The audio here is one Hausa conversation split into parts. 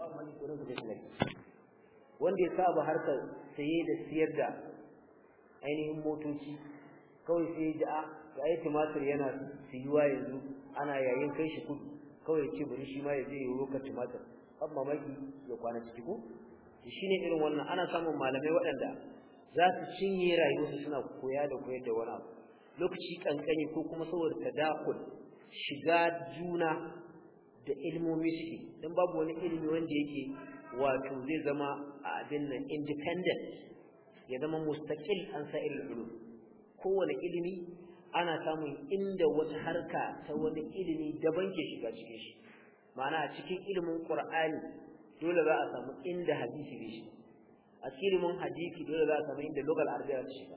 ba da wanda ya saba harkar saye da siyar da ainihin motoci kawai sai ya ji a ah, ga ai tumatir yana siyuwa yanzu ana yayin kai shi kudu kawai ya ce bari shi ma ya je ya roka tumatir ban mamaki ya kwana ciki ko ne irin wannan ana samun malamai waɗanda za su cinye rayuwarsu suna koya da koyar da wani abu lokaci kankani ko kuma saboda tadakul shiga juna da ilmomi suke don babu wani ilmi wanda yake wato zai zama a abin nan independent ya zama mustaqil an sa ilmi kowane ilimi ana samun inda wata harka ta wani ilimi daban ke shiga cikin shi ma'ana a cikin ilimin qur'ani dole za a samu inda hadisi bai shiga a cikin ilimin hadisi dole za a samu inda lugal arabiya ta shiga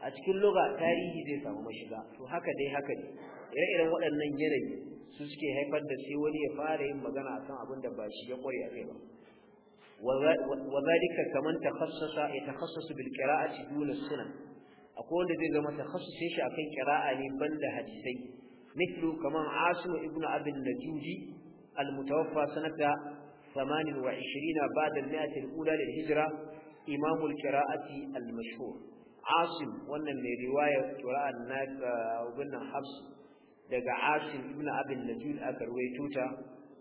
a cikin luga tarihi zai samu mashiga to haka dai haka ne ire-iren waɗannan yanayi su suke haifar da sai wani ya fara yin magana akan abin da ba ya koyi a kai ba wazalika zalika kaman takhassasa ya takhassasu bil qira'ati dun sunan akwai wanda zai zama takhassus shi akan qira'a ne banda hadisai mithlu kamar asimu ibnu abd najudi al mutawaffa sanata 28 ba'da al mi'ah al da lil hijra imam al qira'ati al mashhur asim wannan ne riwaya qira'a na uh, ibn habs daga asim ibn abin najud aka ruwaito ta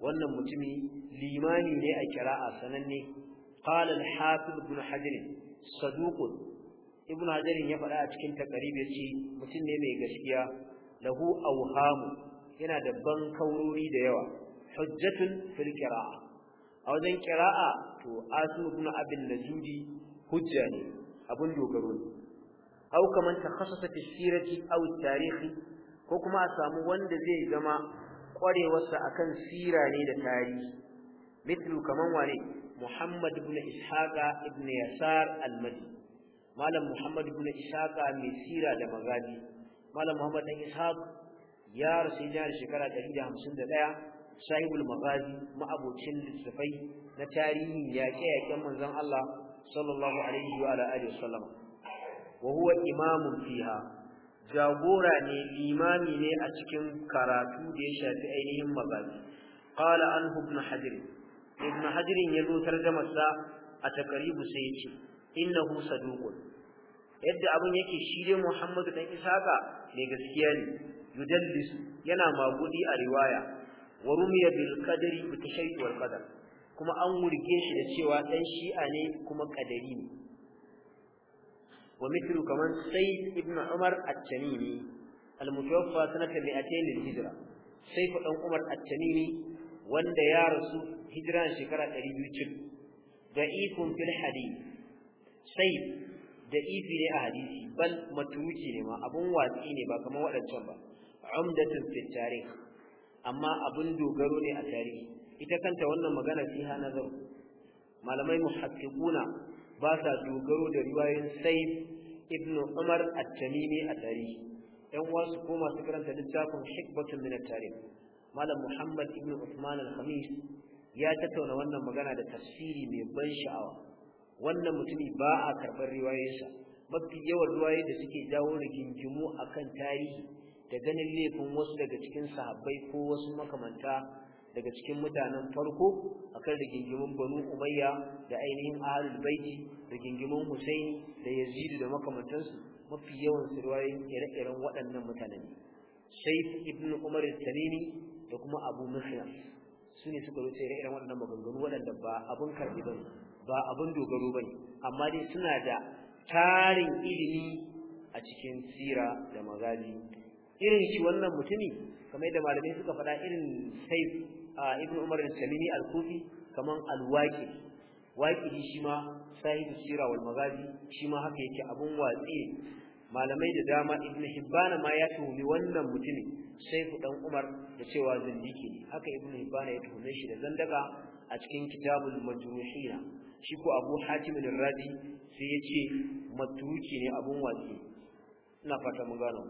wannan mutumi limani ne a kira'a sananne qala al-hafiz ibn hajar saduq ibn hajar ya faɗa a cikin taqrib ce mutum ne mai gaskiya lahu awhamu yana da ban kaurori da yawa hujjatun fil a wajen kira'a to asim ibn abin najudi hujja ne abun dogaro ne aw kaman takhassasa fi sirati aw tarihi ko kuma a samu wanda zai zama kwarewarsa akan sira ne da tarihi mithlu kaman wane Muhammad ibn Ishaqa ibn Yasar al-Madi Malam Muhammad ibn Ishaqa mai sira da magadi Malam Muhammad ibn Ishaq ya rasu da shekara 151 sahibul magadi ma'abocin littafai na tarihi yaƙe yaƙen manzon Allah sallallahu alaihi wa alihi wasallam wa huwa imamun fiha jagora ne limami ne a cikin karatu da ya shafi ainihin magazi qala an ibn hajar ibn hajar ya zo tarjamar sa a takaribu sai yace innahu saduqun yadda abin yake shi dai Muhammadu dan Isaka ne gaskiya ne yudallis yana magudi a riwaya warumiya bil qadari bi tashayyuwar qadar kuma an wurge shi da cewa dan shi'a ne kuma qadari ne ومثل كمان سيد ابن عمر التميمي المتوفى سنة 200 للهجرة سيد ابن عمر التميمي وند يا رسول هجران شكرا قريب ضعيف في الحديث سيد ضعيف ne a hadisi bal matuki ne ma abun watsi ne ba kamar waɗancan ba umdatun fi tarikh amma abun dogaro ne a tarihi ita kanta wannan magana fi hana zau malamai muhaqqiquna ba sa dogaro da riwayoyin sai ibn Umar at-Tamimi a tarihi ɗan wasu ko koma su karanta littafin Hikbatun min at Malam Muhammad ibn usman al-Khamis ya tattauna wannan magana da tafsiri mai ban sha'awa wannan mutumi ba a karɓar riwayoyinsa mafi yawan ruwaye da suke jawo rigingimu akan tarihi da ganin laifin wasu daga cikin sahabbai ko wasu makamanta daga cikin mutanen farko akan rigingimin banu umayya da ainihin ahlul baiti rigingimin husaini da yazid da makamantansu mafi yawan sirwayoyin ire-iren waɗannan mutanen shaif ibn umar al da kuma abu muslim su ne suka rute ire-iren waɗannan maganganu waɗanda ba abun karɓi ba ba abun dogaro ba amma dai suna da tarin ilimi a cikin sira da magani. irin shi wannan mutumi kamar yadda malamai suka faɗa irin saif ibn umar al-salimi al-kufi kaman al-waqi waqi shi ma sahibi sira wal maghazi shi ma haka yake abun watsi malamai da dama ibn hibban ma ya tuhumi wannan mutumin saifu dan umar da cewa zindiki ne haka ibn hibban ya tuhume shi da zandaka a cikin kitabul majruhina shi ko abu hatim al-razi sai ya ce ne abun watsi ina fata mun gano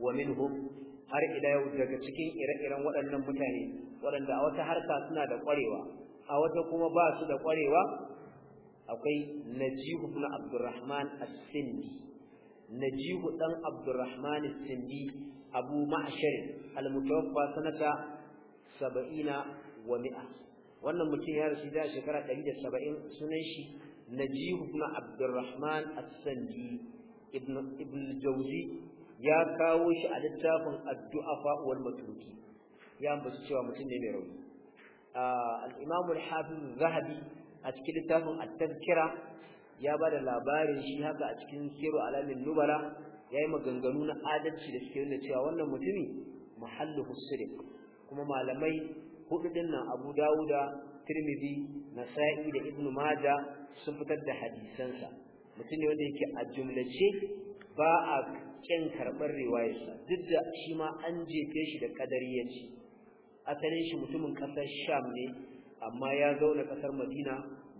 wa minhum har ila yau daga cikin ire-iren waɗannan mutane waɗanda a wata harka suna da ƙwarewa a wata kuma ba su da ƙwarewa akwai najihu ibn abdurrahman as-sindi najihu dan abdurrahman as-sindi abu ma'shar al-mutawaffa sanata 70 wa 100 wannan mutum ya rasu da shekara 170 sunan shi najihu ibn abdurrahman as-sindi ibn ibn jawzi ya kawo shi a littafin addu'a fa'uwar matuki ya ambaci cewa mutum ne mai rauni al'imamu zahabi a cikin littafin at-tazkira ya bada labarin shi haka a cikin siru alamin nubala yayi maganganu na adalci da suke nuna cewa wannan mutumi muhallu sidiq kuma malamai hudu nan Abu Dawuda Tirmidhi Nasa'i da Ibn Majah sun fitar da hadisansa mutum ne wanda yake a jumlace ba a kin karbar riwayarsa duk da shi ma an jefe shi da kadariyanci asalin shi mutumin ƙasar Sham ne amma ya zauna ƙasar Madina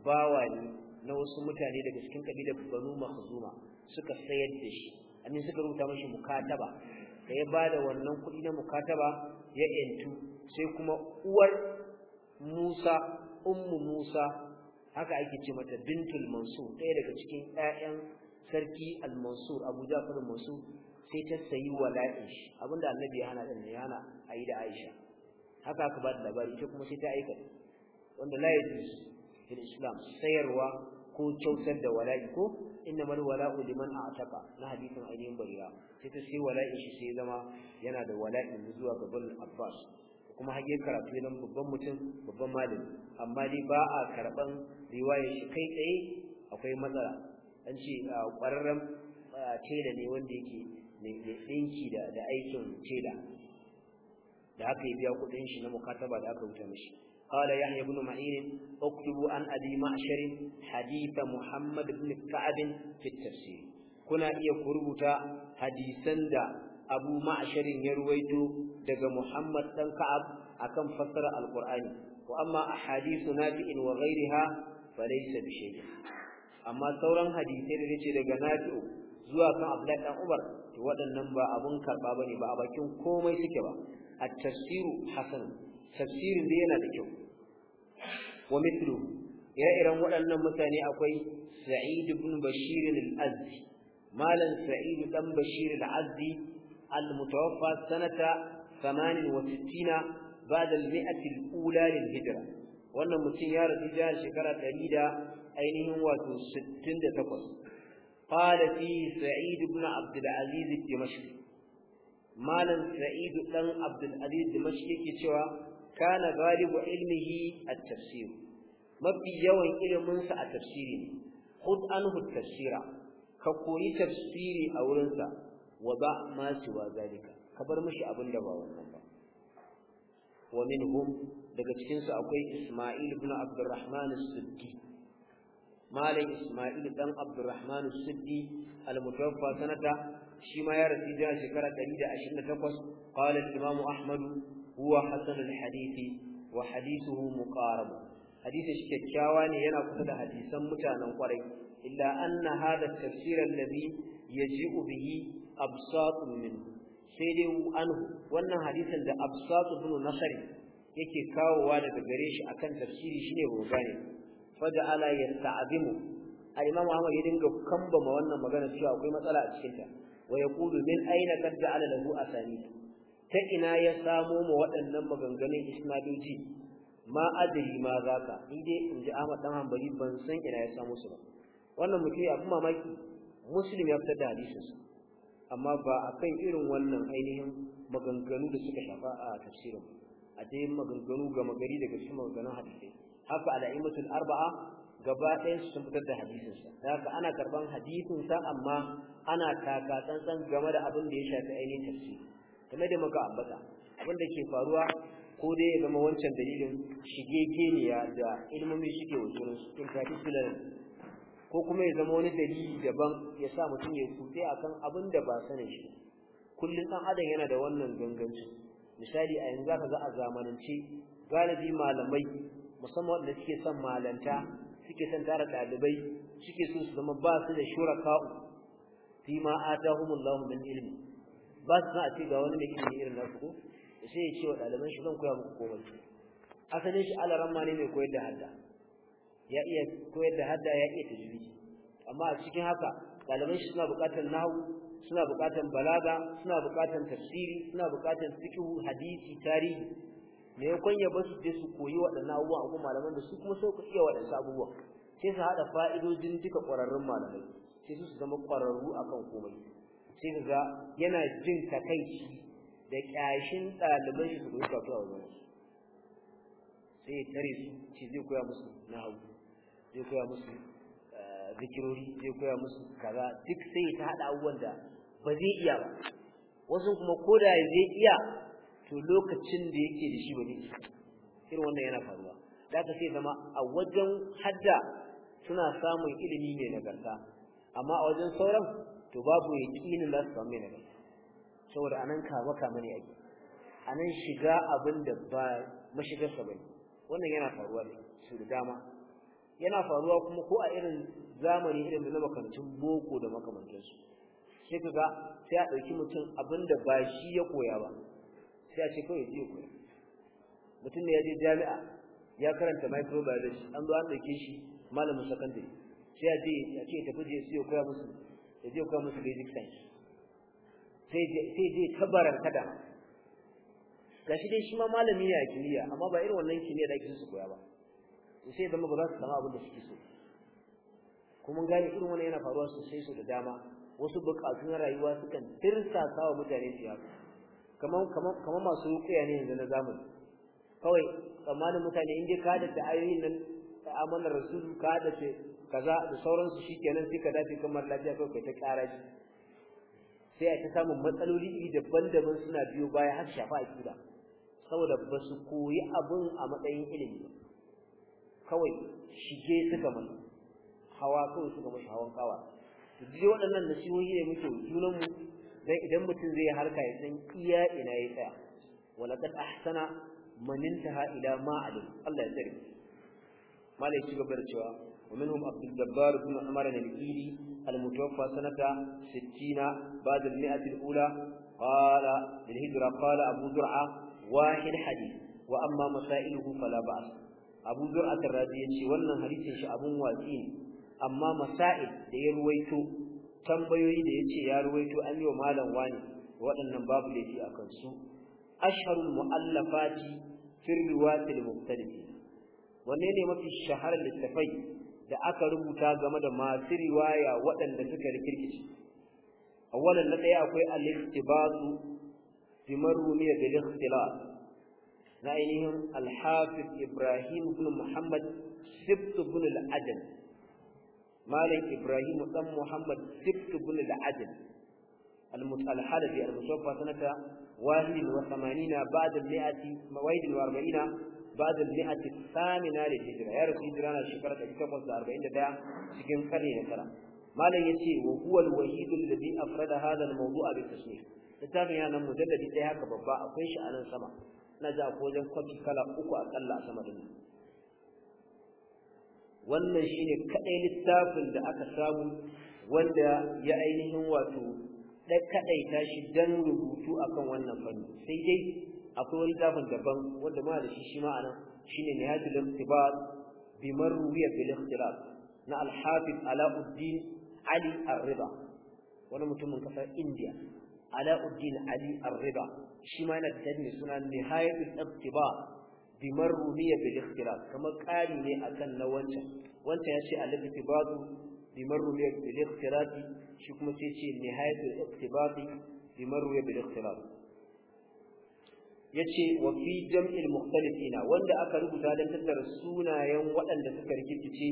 bawa ne na wasu mutane daga cikin kabilar Banu Makhzuma suka sayar da shi amma suka rubuta mashi mukataba da ya bada wannan kuɗi na mukataba ya yantu sai kuma uwar Musa ummu Musa haka ake ce mata bintul Mansur ɗaya daga cikin 'ya'yan. sarki al-mansur abu jafar mansur sai ta sayi wala'in shi abinda annabi ya hana din ne hana ayi da aisha haka aka ba da labari ta kuma sai ta aika wanda la yajuz fil islam sayarwa ko kyautar da wala'i ko mal wala'u liman a'taqa na hadisin ainihin bariya sai ta sayi wala'in shi sai zama yana da wala'in zuwa gaban abbas kuma hage karatu idan babban mutum babban malami amma dai ba a karban riwayar shi kai tsaye akwai matsala an ce ƙwararren tela ne wanda yake mai ɗinki da aikin tela da haka ya biya kuɗin shi na mukataba da aka wuta mashi. قال يحيى بن معين اكتب عن ابي معشر حديث محمد بن كعب في التفسير كنا iya kurbuta hadisan da Abu Ma'shar ya ruwaito daga Muhammad dan Ka'ab akan fassara Al-Qur'ani wa amma ahadithu nafi'in wa ghayriha falaysa bi shay'in amma sauran hadisai da yake daga Nafi'u zuwa kan Abdullah dan Umar to waɗannan ba abun karba bane ba a bakin komai suke ba at-tafsiru hasan tafsirin da yana da kyau wa mithlu ire-iren waɗannan mutane akwai Sa'id ibn Bashir al-Azdi malan Sa'id dan Bashir al-Azdi al-mutawaffa sanata 68 al-ula lil-hijra wannan mutum ya rasu jihar shekara ɗari da ainihin wato 68 qala fi sa'id ibn abd al-aziz dimashqi malam sa'id dan abd al-aziz dimashqi yake cewa kana galibu ilmihi at-tafsir mafi yawan ilimin sa a tafsiri ne khud anhu at-tafsira ka koyi tafsiri a wurin sa wa ba ma siwa zalika ka bar mishi abin da ba wannan ba wa minhum daga cikin su akwai Isma'il ibn al-rahman as siddiq malam Isma'il dan Abdurrahman Siddi al-Mutawaffa sanata shi ma ya rasu da shekara 128 qala al-Imam Ahmad huwa hasan al-hadith wa hadithuhu muqarab hadisi shi kyakkyawa ne yana kusa da hadisan mutanen kwarai illa anna hadha at-tafsir alladhi yaji'u bihi absatun min sai dai anhu wannan hadisin da absatu bin nasari yake kawowa daga gare shi akan tafsiri shine ba faja'ala yasta'zimu al-imam Ahmad ya dinga kambama wannan magana cewa akwai matsala a cikin ta wa yaqulu min aina da lahu asani ta ina ya samo mu waɗannan maganganun isnaduji ma adri ma zaka ni dai in ji Ahmad dan Hanbali ban san ina ya samu su ba wannan mutum abin mamaki muslim ya fitar da hadisinsa amma ba kan irin wannan ainihin maganganu da suka shafa a tafsirin a dai maganganu ga magari daga cikin maganganun hadisai haka al'aimatul arba'a gaba ɗaya sun fitar da hadisin sa haka ana karban hadisin sa amma ana taka tsantsan game da abin da ya shafi ainihin tafsiri kamar da muka ambata abin da ke faruwa ko dai ya zama wancan dalilin shigegeniya da ilmomi shige wajen cikin particular ko kuma ya zama wani dalili daban ya sa mutum ya kutse akan abin da ba sanin shi kullum ɗan adam yana da wannan ganganci misali a yanzu za ka ga a zamanance galibi malamai musamman wanda suke son malanta suke son tara ɗalibai suke so su zama ba su da shuraka'u fi ma atahumullahu min ilmi ba su a ce ga wani mai ilimi irin nasu ko sai ya ce wa ɗaliban shi zan koya muku komai asalin shi alaran ma ne mai koyar da hadda ya iya koyar da hadda ya iya tajwidi amma a cikin haka ɗaliban shi suna buƙatar nahwu suna buƙatar balaga suna buƙatar tafsiri suna buƙatar fiqh hadisi tarihi me ya kunya ba su je su koyi waɗannan abubuwa a malaman da su kuma sai ku iya waɗansu abubuwa sai su haɗa fa'idojin duka ƙwararrun malamai sai su zama ƙwararru akan komai sai ka ga yana jin takaici da ƙyashin ɗaliban shi su koyi karatu a wajen sai ya tare su ce zai koya musu na hau zai koya musu eh, zikirori zai koya musu kaza duk sai ta haɗa abubuwan da ba zai iya ba wasu kuma ko da zai iya to lokacin da yake da shi ba ne irin wannan yana faruwa da ka sai zama a wajen hadda suna samun ilimi mai nagarta amma a wajen sauran to babu ya yaƙinin za su samu mai nagarta saboda anan kama kama ne ake anan shiga abin da ba mashigarsa ba wannan yana faruwa ne, su da dama yana faruwa kuma ko a irin zamani irin da na makarantun boko da makamantansu sai ka ga sai a ɗauki mutum abin da ba shi ya koya ba sai a ce kawai ji kuma mutum ne ya je jami'a ya karanta microbiology an zo an ɗauke shi malamin secondary sai a ce a ce tafi je siyo koya musu ya je koya musu basic science sai sai je tabbarar kada shi dai shi ma malami ne a kimiyya amma ba irin wannan kimiyya da ake su koya ba sai zama ba za su samu abin da suke so kuma gane irin wannan yana faruwa sosai su da dama wasu bukatun rayuwa sukan tirsa sawa mutane su yaka kaman kaman kaman masu ruqiya ne yanzu na zamani kawai tsammanin mutane in dai ka da ayoyin nan amanar rasulu ka da ce kaza da sauransu shikenan sai ka dace kamar lafiya kawai kai ta ji sai a ta samun matsaloli iri daban-daban suna biyo baya har shafa akida saboda ba su koyi abin a matsayin ilimi kawai shige suka mana hawa kawai suka mashi hawan kawa duk waɗannan nasihohi ne muke junanmu dan idan mutum zai harka ya san iya ina ya tsaya walaqad ahsana man intaha ila ma alim Allah ya tsare malai shi gabar cewa ومنهم عبد الجبار بن عمر النبيلي المتوفى سنة 60 بعد المئة الأولى قال للهجرة قال أبو زرعة واحد حديث وأما مسائله فلا بأس أبو زرعة الرازي يشي ولن حديث يشي أبو واسين أما مسائل يرويته tambayoyi da yace ya ruwaito an yi wa malam wani waɗannan babu laifi a su asharul mu'allafati fi riwayatil mukhtalifin wanne ne mafi shaharar littafai da aka rubuta game da masu riwaya waɗanda suka rikirkice awalan na ɗaya akwai al-istibasu bi marumi da al-ikhtilaf na ainihin al-hafiz ibrahim ibn muhammad sibt ibn al adl malam ibrahim dan muhammad sibt ibn al-adl al-mutalhalabi al-musawfa sanata wahid wa 80 ba'da al-mi'ati mawaid wa 40 ba'da al-mi'ati thamina lil-hijra ya rasul hijrana shekara 841 cikin karni na tara malam yace wa huwa al-wahid alladhi afrada hadha al-mawdu'a bi-tasnif littafin yana mujalladi ɗaya haka babba akwai shi sama ina wajen kwafi kala uku a ƙalla a sama mu. wannan shi ne kadai littafin da aka samu wanda ya ainihin wato da kadaita shi don rubutu akan wannan fanni sai dai akwai wani littafin daban wanda ma da shi shi ma'ana shine nihayatul intibat bi marwiya bil ikhtilaf na al-hafiz alauddin ali ar wani mutumin kasar india alauddin ali ar shi ma yana da suna nihayatul intibat Dimarru rumiya bil ikhtilaf kama ƙari ne akan na wancan wancan ya ce al-iktibadu bimar bil ikhtilaf shi kuma sai ce nihayatul ikhtibati bimar rumiya bil ikhtilaf yace wa fi jam'il mukhtalifina wanda aka rubuta dan tattara sunayen waɗanda suka rikice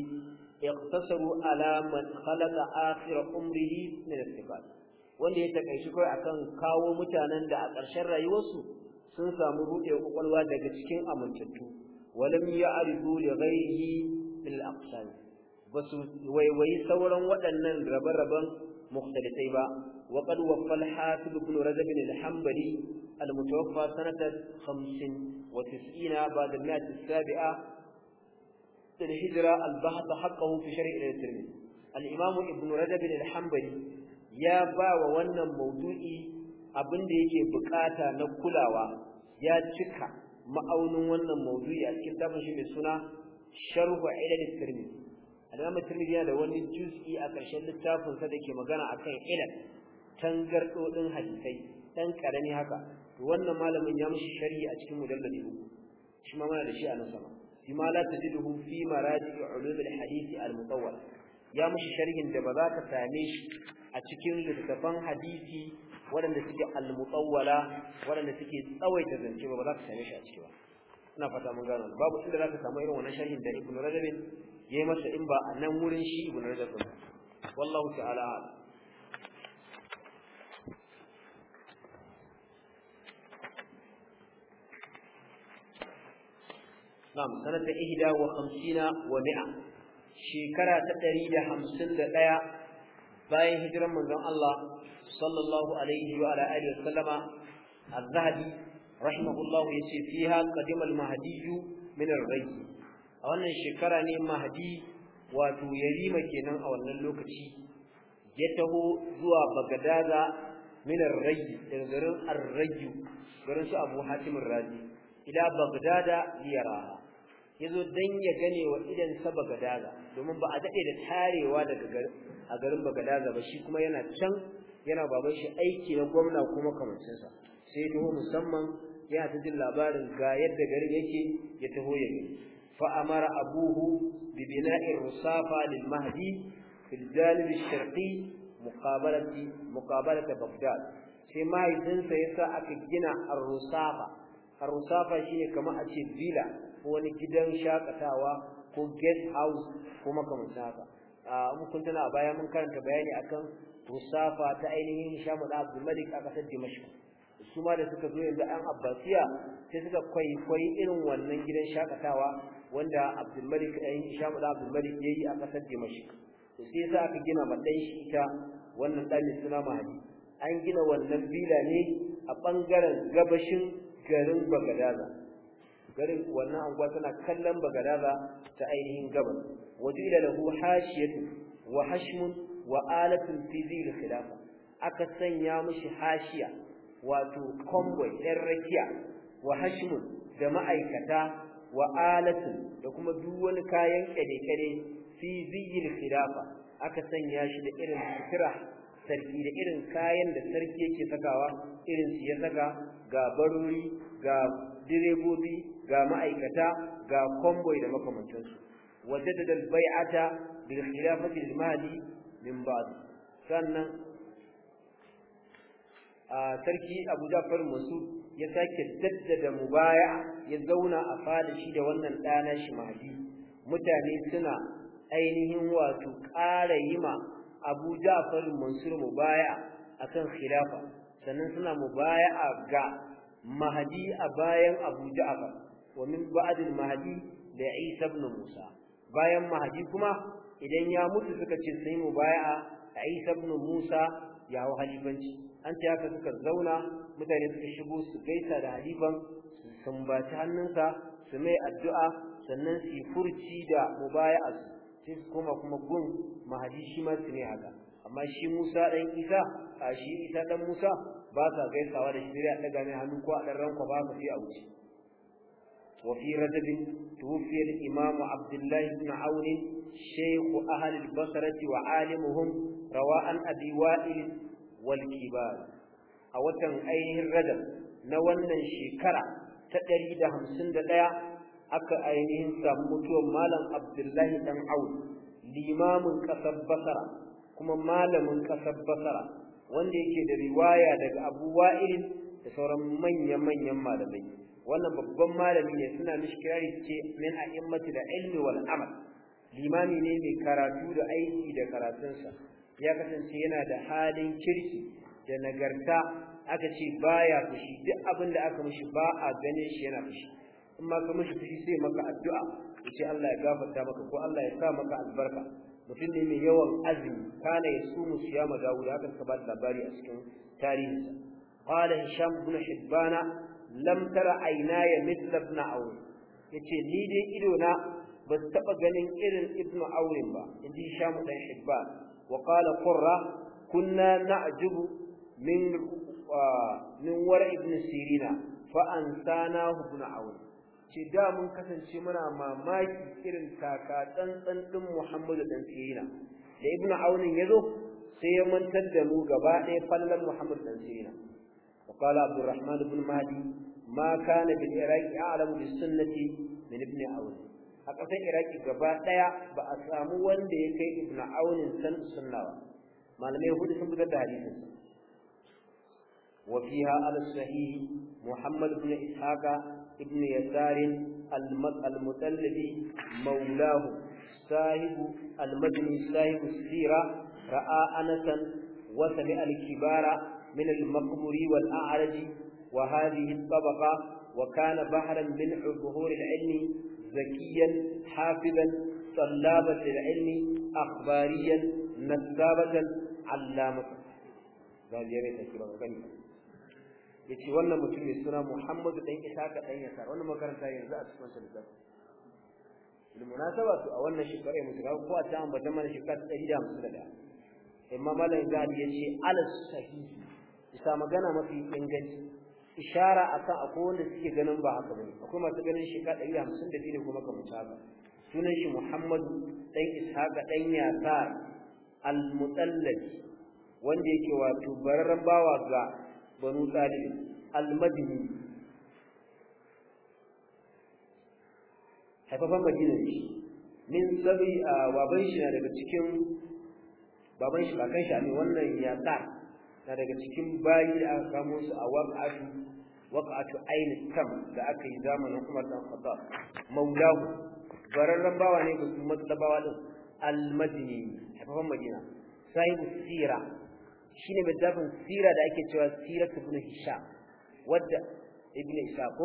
iqtasaru ala man khalaqa akhir umrihi min al-ikhtilaf wanda ya takaici kai akan kawo mutanen da a ƙarshen rayuwarsu sun samu ruɗe kwakwalwa daga cikin amintattu walam ya'ridu li ghayrihi bil aqsam basu waiwayi sauran waɗannan rabe-raben mukhtalitai ba wa qad waffa al-hasib ibn rajab al-hanbali al-mutawaffa sanata 95 ba'da al-mi'at as-sabi'a الهجرة البحث حقه في شرع الترمذي الإمام ابن رجب ya ba wa wannan mawdu'i abin da yake bukata na kulawa ya cika ma'aunin wannan maudu'i a cikin tafin shi mai suna sharhu ilal tirmi al tirmi yana da wani juz'i a ƙarshen littafin sa dake magana akan ilal tangardodin hadisai dan karami haka to wannan malamin ya mishi sharhi a cikin mujalladi uku shi ma mana da shi a nan sama ma la tajiduhu fi maraji' ulum al hadisi al-mutawwal ya mishi sharhin da ba za ka same shi a cikin littafan hadisi waɗanda suke almutawwala waɗanda suke tsawaita zance ba za ka same shi a ciki ba ina fata mun gano babu inda za ka samu irin wannan sharhin da ibnu rajab yi masa in ba a nan wurin shi ibnu rajab wallahu ta'ala Na'am sanata ihda wa khamsina wa mi'a shekara ta 151 bayan hijiran manzon Allah sallallahu alaihi wa ala alihi wasallama az-zahabi rahimahullahu yace fiha kadimal al-mahdi min a wannan shekara ne Mahadi, wato yarima kenan a wannan lokaci ya taho zuwa bagadaza min ar-rayy daga garin ar-rayy garin su Abu Hatim ar-Razi ila Baghdada yazo dan ya gane wa idan sa Baghdada domin ba a daɗe da tarewa daga garin a garin Baghdada ba shi kuma yana can yana baban shi aiki na gwamna kuma kamancinsa sai taho musamman ya ta jin labarin ga yadda garin yake ya taho ya fa amara abuhu bi bina'ir rusafa lil mahdi fil janib ash-sharqi muqabalati baghdad sai mahaifinsa yasa aka gina ar-rusafa ar-rusafa shine kamar a ce villa ko wani gidan shakatawa ko guest house kuma makamancin haka ah, a mun kun tana baya mun karanta bayani akan Musafa ta ainihin Hisham da Abdul Malik a kasar Dimashq su ma da suka zo yanzu an Abbasiya sai suka kwaikwayi irin wannan gidan shakatawa wanda Abdul Malik ainihin eh, Hisham da Abdul Malik yayi a kasar Dimashq to sai sa aka gina madan shi ita wannan dalil suna mahadi an gina wannan bila ne a bangaren gabashin garin Bagadaza garin wannan anguwa tana kallon Bagadaza ta ainihin gabas wajila lahu hashiyatu wa hashmun wa alatin fi khilafa aka sanya mishi hashiya wato convoy ɗan rakiya wa hashmun da ma'aikata wa alatin da kuma duk wani kayan kade-kade fi khilafa aka sanya shi da irin sutura sarki da irin kayan da sarki yake sakawa irin su ya saka ga barori ga direbobi ga ma'aikata ga convoy da makamantansu bil khilafati al mali min sannan a sarki Abu Ja'far Mansur ya sake daddada mubaya ya zauna a fada shi da wannan dana shi mahdi mutane suna ainihin wato ƙara yima Abu Ja'far Mansur mubaya akan khilafa sannan suna mubaya'a ga mahdi a bayan Abu Ja'far wa min ba'd al-mahdi da Isa ibn Musa bayan mahdi kuma idan ya mutu suka ce sai mu baya a Isa ibn Musa ya wa halifanci an ce haka suka zauna mutane suka shigo su gaisa da halifan su tambaci hannunsa su mai addu'a sannan su furci da mubaya'a sai su koma kuma gun mahaji shi ma su ne haka amma shi Musa dan Isa a shi Isa dan Musa ba sa gaisawa da shi da daga mai hannu ko a dan ranka ba sai a wuce وفي رجب توفي الإمام عبد الله بن عون شيخ أهل البصرة وعالمهم رواء أبي وائل والكبار أوتن أيه الردم نوانا شكرا تأريد همسن دلاء أكا أينهن سامتو مالا عبد الله بن عون لإمام كسب بصرة كما مالا من كسب بصرة wanda yake da riwaya daga Abu Wa'il da sauran manya-manyan malamai wannan babban malami ne suna mishi kirari ce min a'immati limami ne mai karatu da aiki da karatunsa ya kasance yana da halin kirki da nagarta aka ce baya fushi duk abin da aka mishi ba a ganin shi yana fushi in ma ka mishi fushi sai maka addu'a ce Allah ya gafarta maka ko Allah ya sa maka albarka mutum ne mai yawan azumi kana ya sumu siyama dawud haka ka ba labari a cikin tarihinsa qala hisham ibn hibbana lam tara aynaya mithla ibn aun yace ni dai ido na Ban taba taɓa ganin irin ibnu aurin ba inji shamu dan shibban wa qala qurra kunna na'jubu min ah, min war ibnu sirina fa ansana ibnu aurin ce da mun kasance muna mamaki irin taka tsantsan din muhammadu dan sirina da ibn aurin yazo sai ya mantar da mu gaba ɗaya fallan muhammadu dan sirina wa qala abdurrahman ibnu mahdi ma kana bil iraqi a'lamu bis sunnati min ibnu aurin a ƙasar iraki gaba ɗaya ba a samu wanda ya kai ibn aunin san sunna ba malamai hudu sun fitar da hadisin wa fiha al sahih muhammad ibn ishaqa ibn yasar al mutallabi maulahu sahibu al majni sahibu sira ra'a anasan wa sami al min al maqburi wal a'raji wa hadhihi al tabaqa وكان بحرا من ظهور العلم زكيا حافظا طلابا للعلم أخباريا نسابة علامة قال يا ريت كما غني yace wannan mutum suna Muhammadu dan Isaka dan Yasar wannan makaranta yanzu a cikin wannan littafi bil munasaba to a wannan shekara ya mutu ko a ta ambata mana shekara 151 amma malam Zahid yace al sahihi isa magana mafi inganci ishara akan akwai wanda suke ganin ba haka bane akwai masu ganin shekara ka hamsin da biyu ne kuma mutsa ba sunan shi muhammadu ɗan ishaqa ɗan yasa al-mutallabi wanda yake wato bararran bawa ga banu talib al-madini haifafan madina ne min sabi baban shi na daga cikin baban shi bakan shi ne wannan Yasar na daga cikin bayi da aka kamo su a waqatu waqatu aini tam da aka yi zamanin Umar dan Khattab maulahu bararran bawa ne ga su matsabawa din al-madini hafafan madina sahibu sira shine mai zafin sira da ake cewa sira ibn hisham wadda ibn ishaq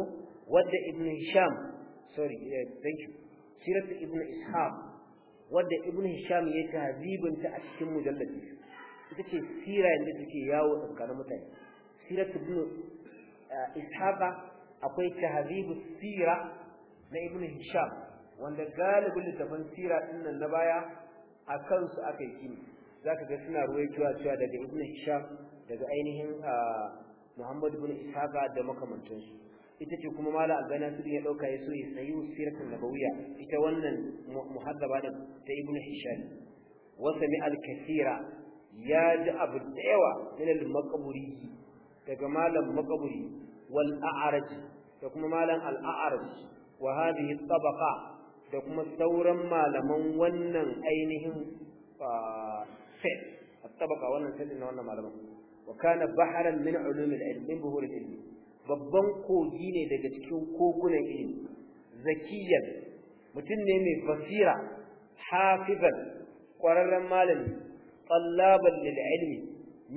wadda ibn hisham sorry eh, thank you sira ibn ishaq wadda ibn hisham ya tahzibinta a cikin mujalladi ita ce sira da suke yawo tsakanin mutane sirat eh, ishaqa akwai Habibu sira na ibn hisham wanda galibin littafin sira din nan na baya a kansu aka yi kimi zaka ga suna ruwaitowa cewa daga ibn hisham daga ainihin ah, muhammad ibn ishaqa da makamantansu ita ce kuma mala albana su ya ɗauka ya so ya sayi siratun nabawiya ita wannan muhaddaba da ta ibnu hisham wa sami al ya ji abu da yawa min al-maqburi daga malam maqburi wal a'raj da kuma malam al a'raj wa hadhihi tabaqa da kuma sauran malaman wannan ainihin set ah, tabaqa wannan set na wannan malaman wa kana baharan min ulum al-ilm min buhur al-ilm babban kogi ne daga cikin kogunan ilimi zakiyan mutum ne mai basira hafizan kwararren malami tsallaban lil ilmi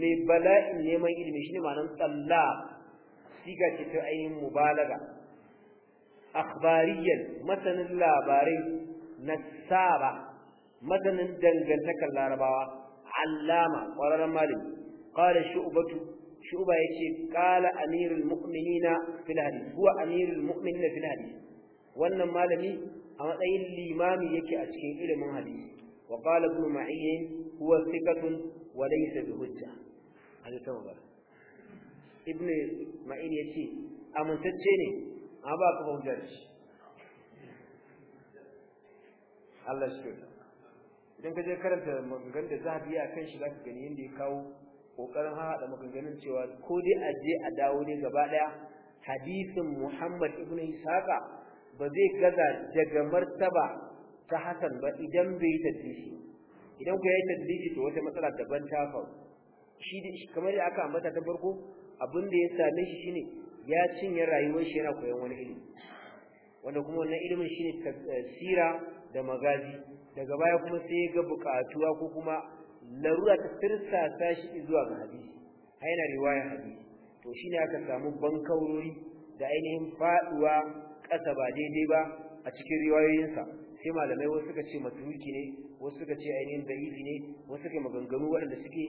mai bala'in neman ilimi shine ma'anar tallab siga ce ta ayin mubalaga akhbariyan masanin labarai nasaba masanin dangantakar larabawa allama ƙwararren malami qala shu'batu shu'ba yace qala amirul mu'minina fil hadith huwa amirul mu'minina fil hadith wannan malami a matsayin limami yake a cikin ilimin hadisi وقال ابن معين هو ثقة وليس بهجة هذا كما ابن معين يتي amintacce ne amma ba ka hujjar shi Allah shi idan ka je karanta maganganun da zahabi a kan shi za ka gani yadda ya kawo kokarin haɗa maganganun cewa ko dai a je a dawo ne gaba ɗaya hadisin Muhammad ibn Isaqa ba zai gaza daga martaba ta hakan ba idan bai tadlishi idan ku yayi tadlishi to wata matsala daban ta faru shi kamar da aka ambata ta farko abin da ya same shi shine ya cinye rayuwar shi yana koyon wani ilimi wanda kuma wannan ilimin shine eh, sira da magazi daga baya kuma sai ya ga bukatuwa ko kuma larura ta ta shi zuwa ga hadisi aina riwaya hadisi to shine aka samu bankaurori da ainihin faduwa ƙasa ba daidai ba a cikin riwayoyinsa sai malamai wasu suka ce matruki ne wasu suka ce ainihin da'ifi ne wasu suka maganganu waɗanda suke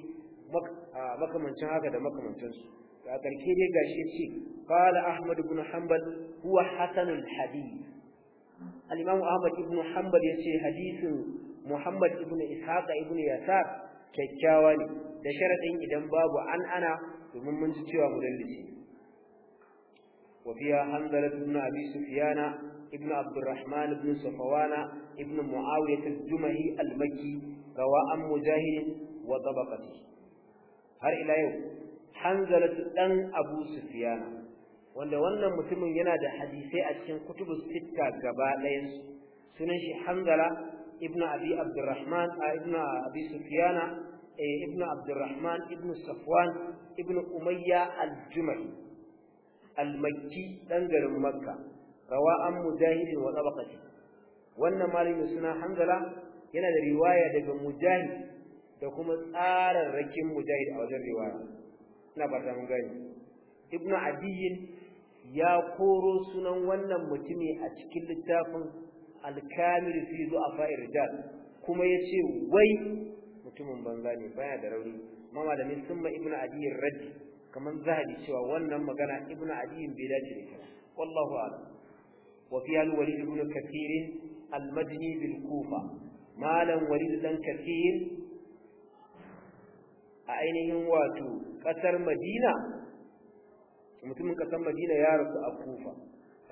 makamancin haka da makamancinsu a ƙarke dai gashi ce qala ahmad ibn hanbal huwa hasanul hadith al-imam ahmad ibn hanbal ce hadisin muhammad ibn ishaq ibn yasar kyakkyawa ne da sharadin idan babu an ana domin mun ji cewa mudallisi wa fiya hanzala ibn abi sufyana ابن عبد الرحمن بن صفوان ابن معاوية الجمهي المكي رواء مجاهد وطبقته har ila yau hanzalatu dan abu sufyana wanda wannan mutumin yana da hadisai a cikin kutubu sitta gaba ɗayan shi hanzala ibnu abi abdurrahman ibnu abi sufyana e, ibnu abdurrahman ibnu safwan ibnu umayya al-jumahi al garin makka rawa an mujahidin wa tabaqati wannan malami suna hanzala yana da riwaya daga mujahid da kuma tsararrakin mujahid a wajen riwaya ina fata mun gani ibnu adiyin ya koro sunan wannan mutumi a cikin littafin al-kamil fi du'afa irjal kuma yace wai mutumin banza ne baya da rauni amma malamin sun ma ibnu adiyin raddi kaman zahiri cewa wannan magana ibnu adiyin bai dace da ita wallahu a'lam وفيها الوليد بن كثير المدني بالكوفة مالا وليد بن كثير أينه واتو قصر مدينة متم قصر مدينة يا رب الكوفة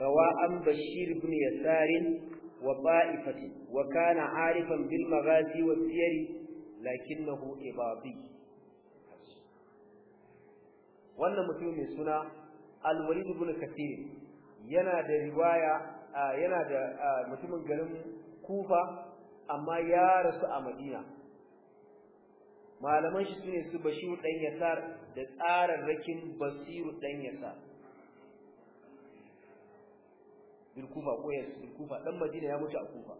رواء بشير بن يسار وطائفة وكان عارفا بالمغازي والسير لكنه إباضي wannan mutum mai suna alwalid ibn kathir yana da riwaya yana da mutumin garin Kufa amma ya rasu a Madina malaman shi sune su Bashir dan Yasar da tsararrakin Basiru dan Yasar Bin Kufa ko ya bil Kufa dan Madina ya mutu a Kufa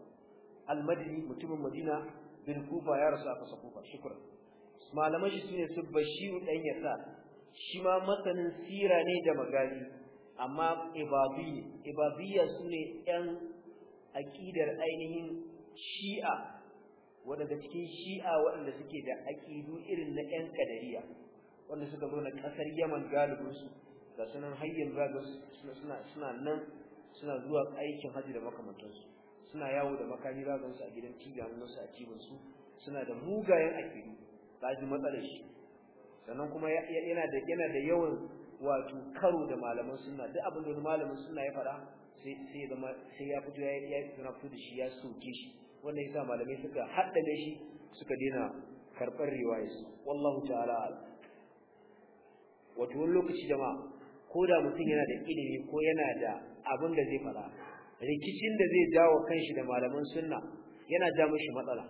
al Madini mutumin Madina bin Kufa ya rasu a kasa Kufa shukran malaman shi sune su Bashir dan Yasar shi ma masanin sira ne da magani amma ibabiyya su sune yan aƙidar ainihin shi'a waɗanda cikin shi'a waɗanda suke da aƙidu irin na yan kadariya wanda suka zo na ƙasar Yaman galibinsu. su ga sunan hayyin suna nan suna zuwa aikin hajji da makamantansu suna yawo da makami zagan a gidan tijanin su a cibinsu suna da mugayen aqidu kaji matsalar shi sannan kuma yana da yawan wato karo da malaman sunna duk abin da malamin sunna ya fara sai sai zama sai ya fito ya ya tsira fito da shi ya soke shi wannan yasa malamai suka da shi suka dena karbar riwayas wallahu ta'ala wato wani lokaci jama'a ko da mutum yana da ilimi ko yana da abin da zai fara rikicin da zai jawo kanshi da malaman sunna yana ja mishi matsala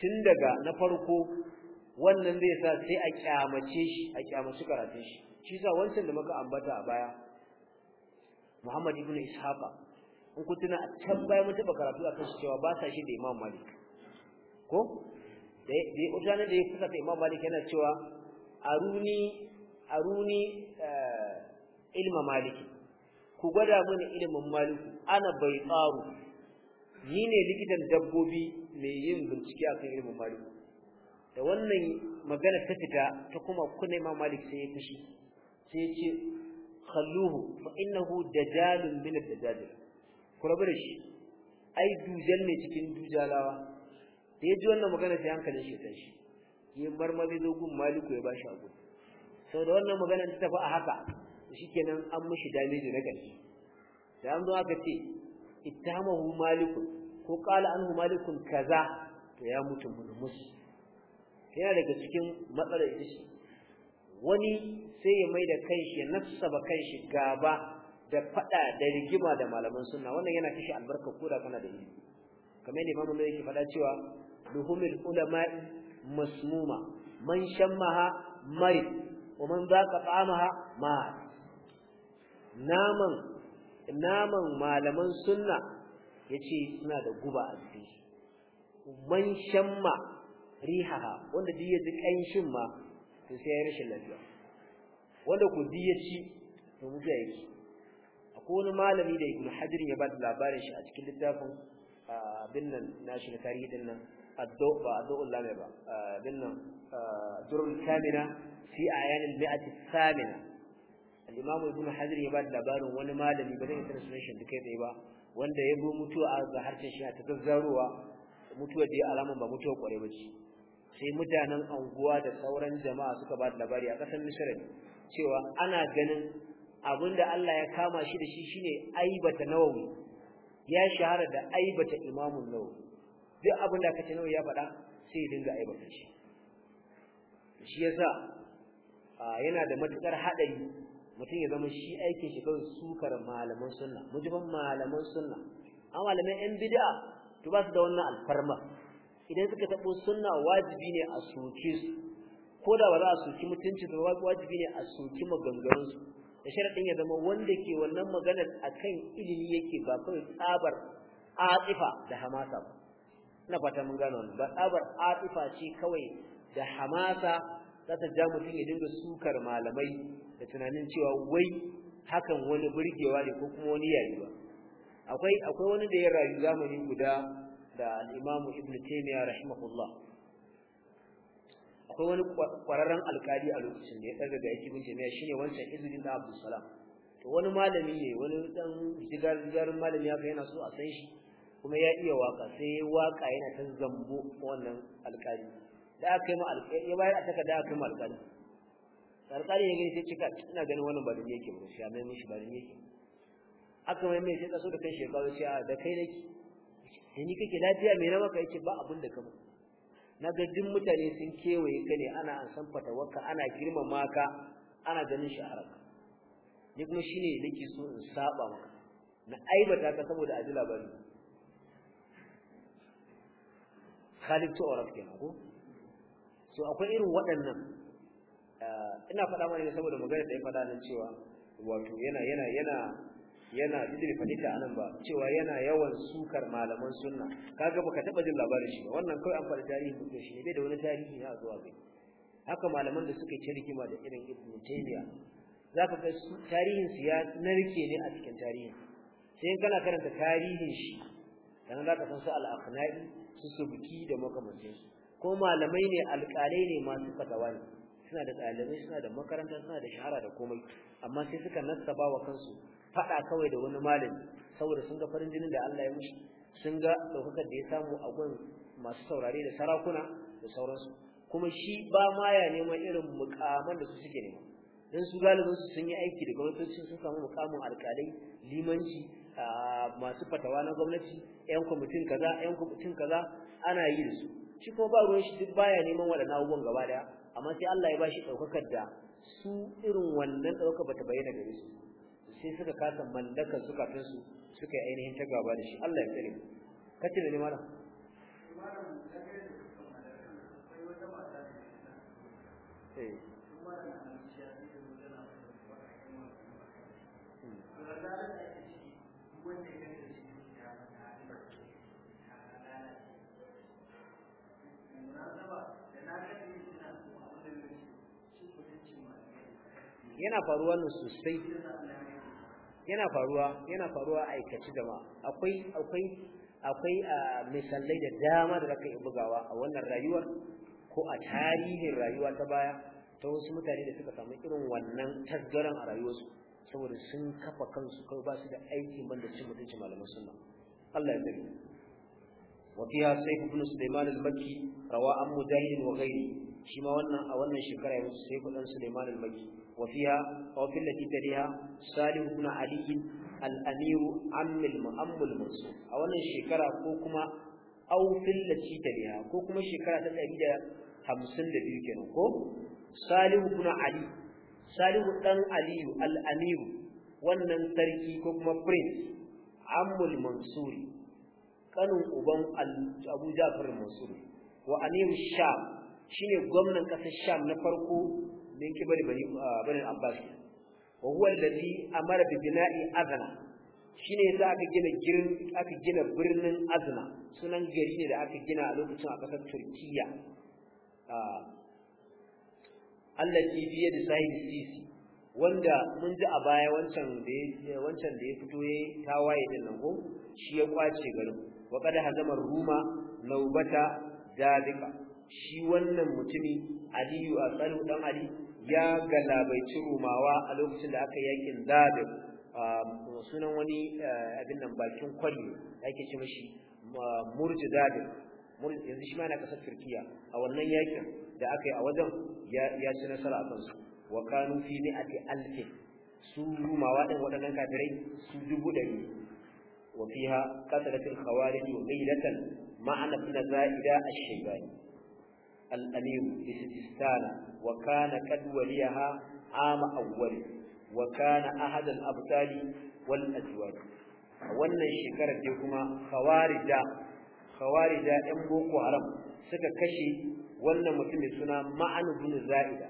tun daga na farko wannan zai sa sai a kyamace shi a kyamace karatun shi shi sa wancan da muka ambata a baya Muhammad ibn Ishaqa in ku tuna a can baya mun taba karatu akan shi cewa ba sa shi da Imam Malik ko da da utana da ya kusa da Imam Malik yana cewa aruni aruni eh, ilma maliki ku gwada mana ilmin maliki ana bai tsaro ni ne likitan dabbobi mai yin bincike akan ilmin maliki da wannan magana ta fita ta kuma kunai ma Malik sai ya fushi sai ya ce khalluhu fa innahu dajalun min ad-dajal ku rabu da shi ai dujal ne cikin dujalawa da ya ji wannan magana sai hankalin shi ya tashi ya marmazi zo gun Maliku ya bashi abu da wannan magana ta tafi a haka shikenan an mishi damage na kashi da an zo aka ce ittamahu malikun ko qala anhu malikun kaza to ya mutu mun musu yana daga cikin matsalar shi wani sai ya mai da kanshi ya nassaba kanshi gaba da faɗa da rigima da malaman sunna wannan yana kashe albarka koda kana da ilimi kamar yadda imamu yake faɗa cewa duhumil ulama masmuma man shammaha mari. wa man zaqa ta'amaha ma naman naman malaman sunna yace suna da guba a jiki man shamma rihaha wanda duk ya kanshin ma to sai ya yi rashin lafiya wanda ku duk ya ci to mutu ya yi akwai wani malami da ibnu hajar ya ba labarin shi a cikin littafin abin nan nashi na tarihi din nan addu'a ba addu'a lame ba abin nan durul kamina fi ayanin bi'ati thamina al-imam ibnu hajar ya ba labarin wani malami ba zan yi sunan duka dukai tsaye ba wanda ya bo mutuwa a harshen shi a ta zazzarowa mutuwar da ya alaman ba mutuwa kware ba ce sai mutanen anguwa da sauran jama'a suka ba da labari a ƙasar misra cewa ana ganin abinda Allah ya kama shi da shi shine aibata nawawi ya shahara da aibata imamun nawawi duk abinda aka ce nawawi ya faɗa sai ya dinga aibata shi shi yasa yana da matukar haɗari mutum ya zama shi aikin shi kawai sukar malaman sunna mujiban malaman sunna amma malaman yan bid'a to ba su da wannan alfarma idan suka tabo sunna wajibi ne a soke su ko da ba za a soki mutunci ba wajibi ne a soki maganganun su da sharadin ya zama wanda ke wannan maganar akan ilimi yake ba kai tsabar atifa da hamasa ba ina fata mun gano wannan ba tsabar atifa ce kawai da hamasa za ta ja mutum ya dinga sukar malamai da tunanin cewa wai hakan wani burgewa ne ko kuma wani yayi ba akwai akwai wani da ya rayu zamani guda da al-Imam Ibn Taymiyyah rahimahullah akwai wani kwararren alkali a lokacin da ya daga ga Ibn Taymiyyah shine wancan izinin da Abdul Salam to wani malami ne wani dan jigar jigar malami ya yana so a san shi kuma ya iya waka sai waka yana ta zambo wannan alkali da aka yi ma alkali ya bayar a da aka yi ma alkali alkali ya gani sai cika ina ganin wannan ba da yake ba shi amma mishi ba da yake aka mai mai sai kaso da kai shekaru sai a da kai nake sai eh, ni kake lafiya me na maka yake ba abin da kama na ga duk mutane sun kewaye ka ne ana an san fatawarka ana girmama ka ana ganin shahararka ni kuma shine nake so in saba maka na aibata ka saboda aji labari Khalid to Arab ke ko so akwai irin waɗannan eh, ina faɗa mana saboda magana da ya faɗa nan cewa wato yana yana yana yana idri fadita anan ba cewa yana yawan sukar malaman sunna kaga baka taba jin labarin shi wannan kai an fara tarihi mutum shi bai da wani tarihi ya zuwa bai haka malaman da suka yi rigima da irin ibn taymiya zaka ga tarihin su ya narke ne a cikin tarihi sai kana karanta tarihin shi dan zaka san su al-akhnai su subki da makamancinsu ko malamai ne alƙalai ne masu fatawa suna da ɗalibai suna da makaranta suna da shahara da komai amma sai suka nassaba wa kansu fada kawai da wani malami saboda sun ga farin jinin da Allah ya mushi sun ga ɗaukakar da ya samu a gun masu saurare da sarakuna da sauransu kuma shi ba ma ya neman irin mukaman da su suke nema dan su galibin su sun yi aiki da gwamnatoci sun samu mukamin alkalai limanci masu fatawa na gwamnati yan kwamitin kaza yan kwamitin kaza ana yi da su shi kuma ba ruwan shi duk baya neman waɗannan abubuwan gaba daya amma sai Allah ya bashi ɗaukakar da su irin wannan daukar bata bayyana gare su sai suka kasa mallakar zukatan su suka yi ainihin ta gaba da shi Allah ya tsare mu kace da ni eh yana faruwa ne sosai yana faruwa yana faruwa aikaci jama'a akwai akwai akwai misalai da dama da kake bugawa a wannan rayuwar ko a tarihin rayuwa ta baya ta wasu mutane da suka samu irin wannan tasgaran a rayuwarsu saboda sun kafa kansu kai ba su da aiki banda cin mutunci malaman sunna Allah ya yi wa fiha sayf ibn Sulaiman al-Makki rawa an mujahid wa ghairi shi ma wannan a wannan shekara ya mutu sayf ibn Sulaiman al-Makki وفيها وفي التي تليها صالح بن علي الأمير عم المؤم المنصور أولا شكرا كوكما أو في التي تليها كوكما شكرا تتعيد همسن لبيو كنوكو صالح بن علي صالح بن علي الأمير wannan sarki ko kuma prince ammul mansuri kanin uban abu jafar mansuri wa amir sham shine gwamnan kasar sham na farko min kibari bani bani abbas wa huwa allazi amara bi bina'i azna shine yasa aka gina girin aka gina birnin azna sunan gari ne da aka gina a lokacin a kasar turkiya allati bi yadi sahib sisi wanda mun ji a baya wancan da wancan da ya fito yayi tawaye din nan ko shi ya kwace garin wa kada hazamar ruma laubata dadika shi wannan mutumi aliyu a dan ali ya galabaici rumawa a lokacin da aka yakin zabir um, sunan wani eh, abin nan bakin kwalli da ake ce mashi um, murji zabir yanzu shi ma na kasar turkiya a wannan yakin da aka yi a wajen ya ci nasara a kansu wa kanu fi mi'ati alfin su rumawa ɗin waɗannan kafirai su dubu ɗari wa fi fiha qatalat al-khawarij wa maylatan ma'ana ibn za'ida a shaybani الأمير بسجستان وكان قد وليها عام أول وكان أحد الأبطال والأزواج wannan shekarar dai kuma khawarija khawarija ɗan boko haram suka kashe wannan mutum mai suna ma'an ibn za'ida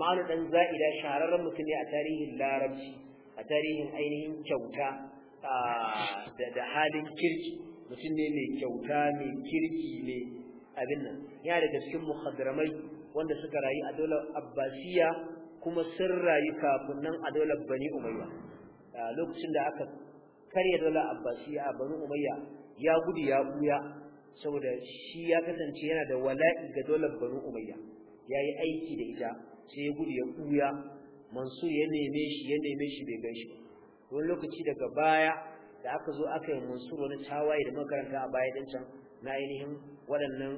ma'an dan za'ida shahararren mutum ne a tarihin larabci a tarihin ainihin kyauta da halin kirki mutum ne mai kyauta mai kirki mai abin nan ya daga cikin muhadramai wanda suka rayu a daular abbasiya kuma sun rayu kafin nan a daular bani umayya lokacin da aka karya daular abbasiya a bani umayya ya gudu ya buya saboda shi ya kasance yana da wala'i ga daular bani umayya ya yi aiki da ita sai ya gudu ya buya mansur ya neme shi ya neme shi bai gaishe wani lokaci daga baya da aka zo aka yi mansur wani tawaye da makaranta a baya din can na ainihin waɗannan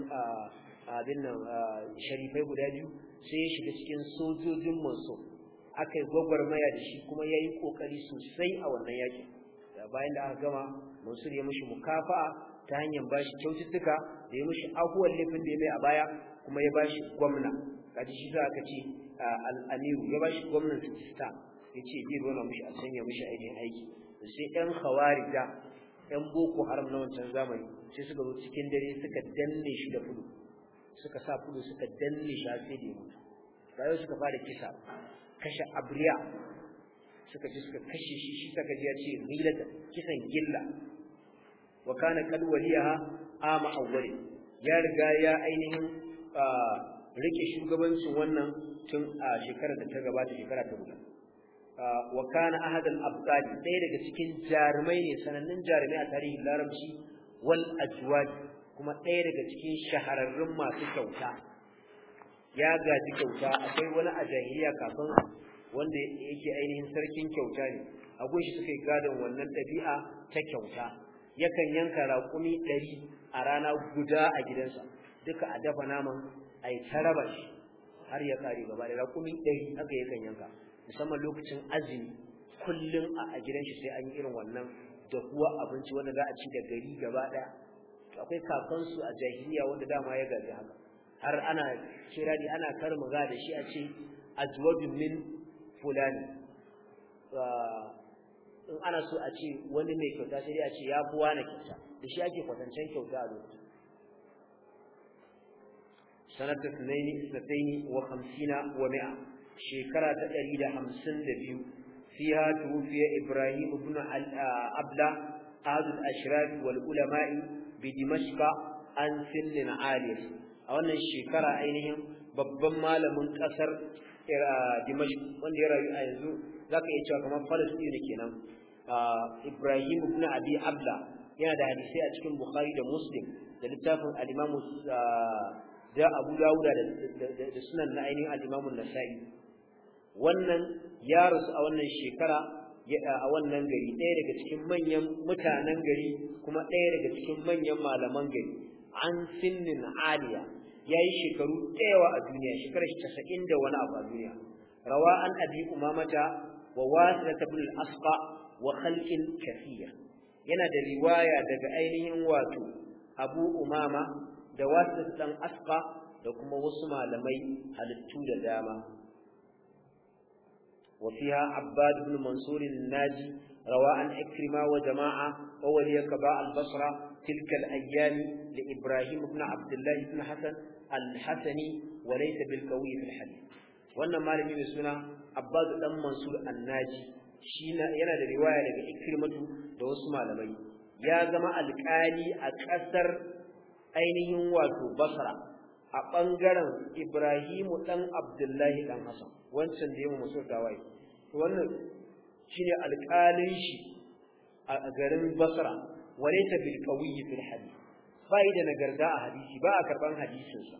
abin nan sharifai guda biyu sai ya shiga cikin sojojin mansur aka yi gwagwarmaya da shi kuma ya yi ƙoƙari sosai a wannan yaƙi. Da bayan da aka gama mansur ya mishi mukafa'a ta hanyar ba shi kyaututtuka da ya mishi akuwan laifin da ya mai a baya kuma ya ba shi gwamna ga shi za ka ce al'amiru ya ba shi gwamnan sista ya ce zai gona mishi a sanya mishi aikin aiki sai 'yan khawarija 'yan boko haram na wancan zamani sai suka zo cikin dare suka danne shi da fudu suka sa fudu suka danne shi sai da mutu bayan suka fara kisa kashe abriya suka ji suka kashe shi shi suka ji ya ce milata kisan gilla wa kana kal waliha ama awwali ya riga ya ainihin rike shugabancin wannan tun a shekarar da ta gabata shekara ta guda wa kana ahad abdali abqadi ɗaya daga cikin jarumai ne sanannun jarumai a tarihin larabci wal ajwad kuma ɗaya daga cikin shahararrun masu kyauta ya gaji kyauta akwai wani a jahiliya kafin wanda yake ainihin sarkin kyauta ne a shi suka yi gadon wannan ɗabi'a ta kyauta yakan yanka raƙumi ɗari a rana guda a gidansa duka a dafa naman a yi ta raba shi har ya kare gaba da raƙumi ɗari haka yakan yanka musamman lokacin azumi kullum a gidan shi sai an yi irin wannan da kuwa abinci wanda za a ci da gari gaba ɗaya akwai kakansu a jahiliya wanda dama ya gaji haka har ana ne ana karmaga da shi a ce ajwabin min fulani in ana so a ce wani mai kyauta sai a ce ya fi na kyauta da shi ake kwatancen kyauta a lokacin sanata sunaini wa hamsina wa mi'a shekara ta ɗari da hamsin da biyu فيها توفي إبراهيم بن أبلة أحد الأشراف والعلماء بدمشق عن سن عالية أولا الشيكرة عينهم babban malamin kasar Dimashq wanda ya rayu a yanzu zaka iya cewa kamar Palestine kenan Ibrahim ibn Abi Abla yana da hadisi a cikin Bukhari da Muslim da littafin al-Imam da Abu Dawud da sunan na ainihin al-Imam Nasa'i wannan ya rasu a wannan shekara a wannan gari ɗaya daga cikin manyan mutanen gari kuma ɗaya daga cikin manyan malaman gari an sinnin aliya ya yi shekaru ɗayawa a duniya shekarar casa'in da wani abu a duniya rawa an abi umamata wa wasu ta bin asfa wa halkin kafiya yana da riwaya daga ainihin wato abu umama da wasu ɗan asfa da kuma wasu malamai halittu da dama وفيها عباد بن منصور الناجي روى عن إكرمة وجماعة وولي كباء البصرة تلك الأيام لإبراهيم بن عبد الله بن حسن الحسني وليس بالقوي في الحديث wannan malami mai suna Abbas dan Mansur Annaji shi yana da riwaya daga Ikrimatu da wasu malamai ya zama alƙali a ƙasar ainihin wato Basra a ɓangaren Ibrahimu ɗan Abdullahi ɗan Hassan wancan da ya musu gawaye wannan shine alƙalin shi a garin Basra wane bil qawiyyi fil hadith ba yi da nagarga a hadisi ba a karban hadisin sa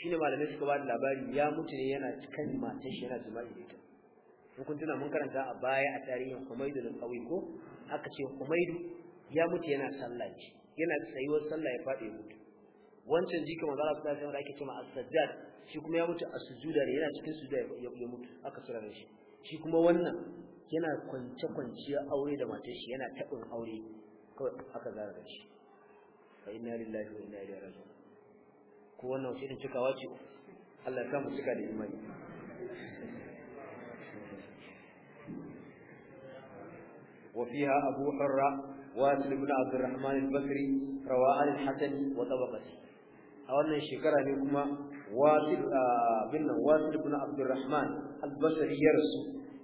shine malamai suka ba da labari ya mutu ne yana cikin matar shi yana jima'i da ita kun tuna mun karanta a baya a tarihin Humaydu al qawi ko aka ce Kumaidu ya mutu yana sallah yana tsayuwar sallah ya faɗi mutu wancan jika manzo Allah sallallahu alaihi wasallam ake cewa as-sajjad shi kuma ya mutu a sujuda ne yana cikin sujuda ya mutu aka surare shi shi kuma wannan yana kwance kwanciya aure da matar shi yana tabin aure kawai aka zara da shi fa inna lillahi wa inna ilaihi raji'un ko wannan shi din cikawa ce Allah ya samu cika da imani abu أبو حرة واصل بن عبد الرحمن البكري رواه الحسن وطبقته a wannan shekara ne kuma wasil bin nan, wasil ibn abdurrahman al-basri ya rasu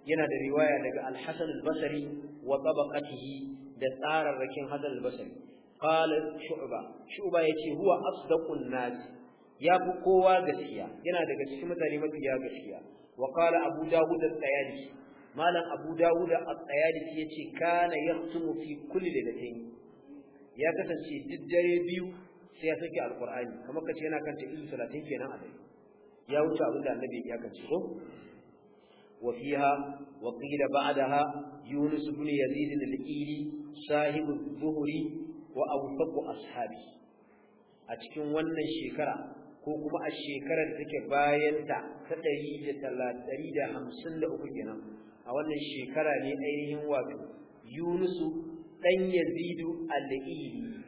yana da riwaya daga al-hasan al-basri wa tabaqatihi da tsararrakin hasan al-basri qala shu'ba shu'ba yace huwa asdaqun nas ya fi kowa gaskiya yana daga cikin mutane mafiya gaskiya wa qala abu dawud al-tayali malam abu dawud al-tayali yace kana yaktumu fi kulli lailatin ya kasance duk dare biyu sai ya soke alqur'ani kamar kace yana kan izu 30 kenan a dai ya wuce abin da annabi ya kace ko wa fiha wa qila ba'daha yunus ibn yazid al-qili sahibu zuhri wa awfaqu ashabi a cikin wannan shekara ko kuma a shekarar da take bayan ta ta 153 kenan a wannan shekara ne ainihin wato yunusu dan yazidu al-qili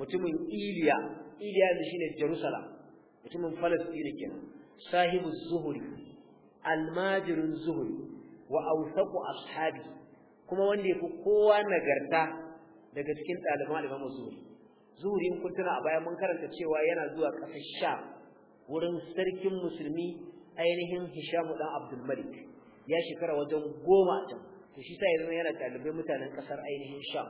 mutumin Iliya Iliya da shine Jerusalem mutumin Palestine kenan sahibu zuhuri almajirin zuhuri wa awsaqu ashabi kuma wanda yafi kowa nagarta daga cikin ɗaliban Imam Zuhuri Zuhuri in kun tuna a baya mun karanta cewa yana zuwa kasar sha wurin sarkin musulmi ainihin Hishamu dan Abdul Malik ya shekara wajen goma can to shi sai zama yana ɗalibai mutanen ƙasar ainihin sha.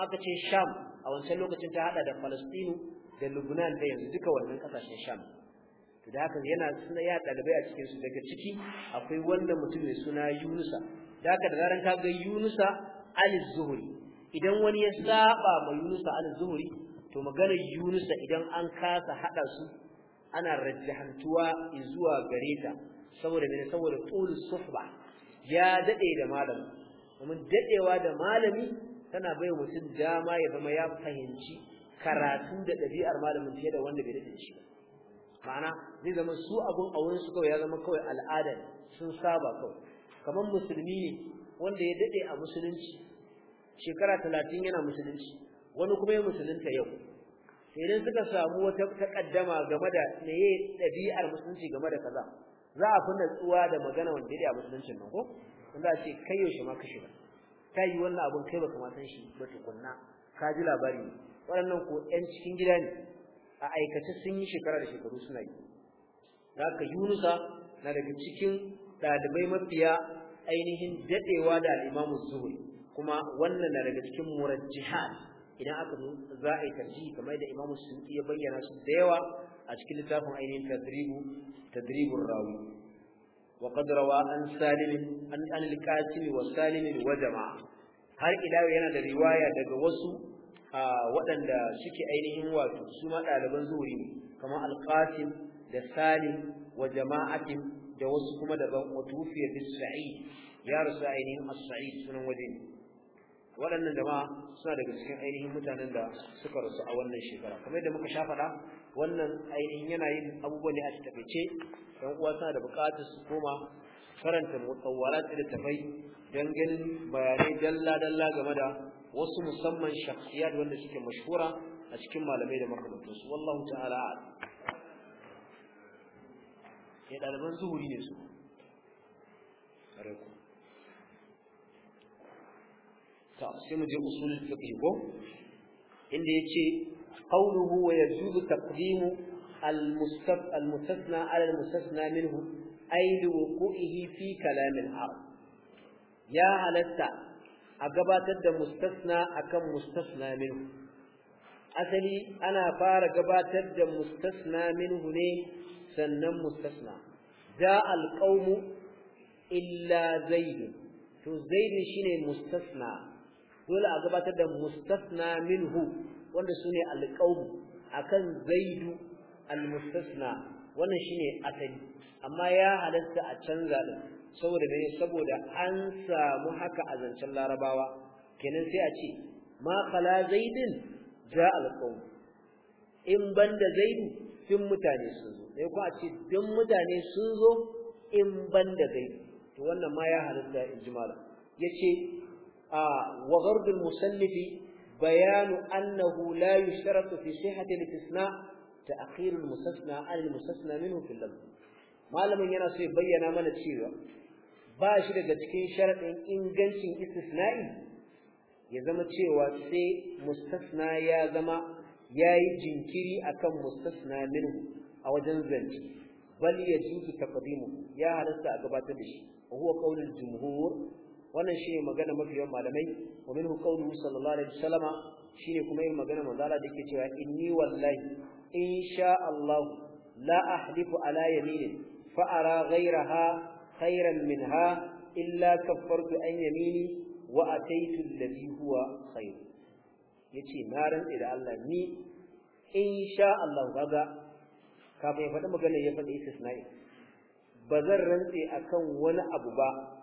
haka ce sham a wancan lokacin ta hada da falastinu da lubnan da yanzu duka wannan kasashen sham to da haka yana suna ya dalibai a cikin su daga ciki akwai wannan mutum mai suna yunusa da haka da zaran ka ga yunusa al-zuhri idan wani ya saba ma yunusa al-zuhri to maganar yunusa idan an kasa hada su ana rajjahantuwa zuwa gare ta saboda mene saboda tulus suhba ya dade da malami domin dadewa da malami tana bai wa mutum dama ya zama ya fahimci karatu da ɗabi'ar malamin fiye da wanda bai da shi ba ma'ana zai zama su abun a wurin su kawai ya zama kawai al'ada sun saba kawai kamar musulmi ne wanda ya daɗe a musulunci shekara talatin yana musulunci wani kuma ya musulunta yau idan suka samu wata takaddama game da meye ɗabi'ar musulunci game da kaza za a fi natsuwa da magana wanda ya a musuluncin nan ko wanda a ce kai yaushe ma ka shiga ta yi wannan abun kai baka ma san shi ba tukunna ka ji labari waɗannan ko ɗan cikin gida ne a aikace sun yi shekara da shekaru suna yi haka Yunusa na daga cikin ɗalibai mafiya ainihin dadewa da al'imamu zuhri kuma wannan na daga cikin murajjihan idan aka za a yi tarjihi kamar da imamu sun ya bayyana su da yawa a cikin littafin ainihin tadribu tadribur rawi وقد روى عن سالم عن القاسم وسالم وجماعة har ila yana da riwaya daga wasu a waɗanda suke ainihin wato su ma ɗaliban zuri, kamar alqasim da salim wa jama'atin da wasu kuma daban wa tufiya bis sa'id ya rasu ainihin as-sa'id sunan waje waɗannan jama'a suna daga cikin ainihin mutanen da suka rasu a wannan shekara kamar yadda muka shafaɗa? wannan ainihin yana yin abubuwa ne a takaice dan uwa tana da buƙatar su koma karanta mutawwalat da tafai dan ganin bayanai dalla dalla game da wasu musamman shakhsiyat wanda suke mashhura a cikin malamai da su wallahu ta'ala ya ɗaliban zuhuri ne su ta sai mu je usulul fiqh ko inda yace قوله ويجوز تقديم المستثنى على المستثنى منه أي لوقوعه في كلام العرب يا هلتا أقبات مستثنى أكم مستثنى منه أسلي أنا فار قبات مستثنى منه ني سنم مستثنى جاء القوم إلا زيد تو زيد شيني مستثنى dole a gabatar da mustasna minhu wanda sune alqaum akan zaidu almustasna wannan shine asali amma ya halatta a canza din saboda ne, saboda an samu haka a zancen larabawa kenan sai a ce ma qala zaidin ja alqaum in banda zaidu sun mutane sun zo dai ko a ce duk mutane sun zo in banda zaidu to wannan ma ya halatta ijmala yace a wa ghardul musannifi bayanu annahu la yushratu fi sihhati al-istisna ta'khir al-mustasna an al-mustasna minhu fil lafz malamin yana so ya bayyana mana cewa ba shi daga cikin sharadin ingancin istisna'i ya zama cewa sai mustasna ya zama yayi jinkiri akan mustasna minhu a wajen zance bal yajuzu taqdimu ya halasta a gabatar da shi huwa qaulul jumhur wannan shine magana mafiyan malamai wa minhu qawluhu sallallahu alaihi wasallama shine kuma yin magana manzala da yake cewa inni wallahi insha Allah la ahlifu ala yaminin fa ara ghayraha khayran minha illa kaffartu an yamini wa ataitu alladhi huwa khayr yace na rantsi da Allah ni insha Allah kaga kafin ya faɗi magana ya faɗi istisna'i ba zan rantse akan wani abu ba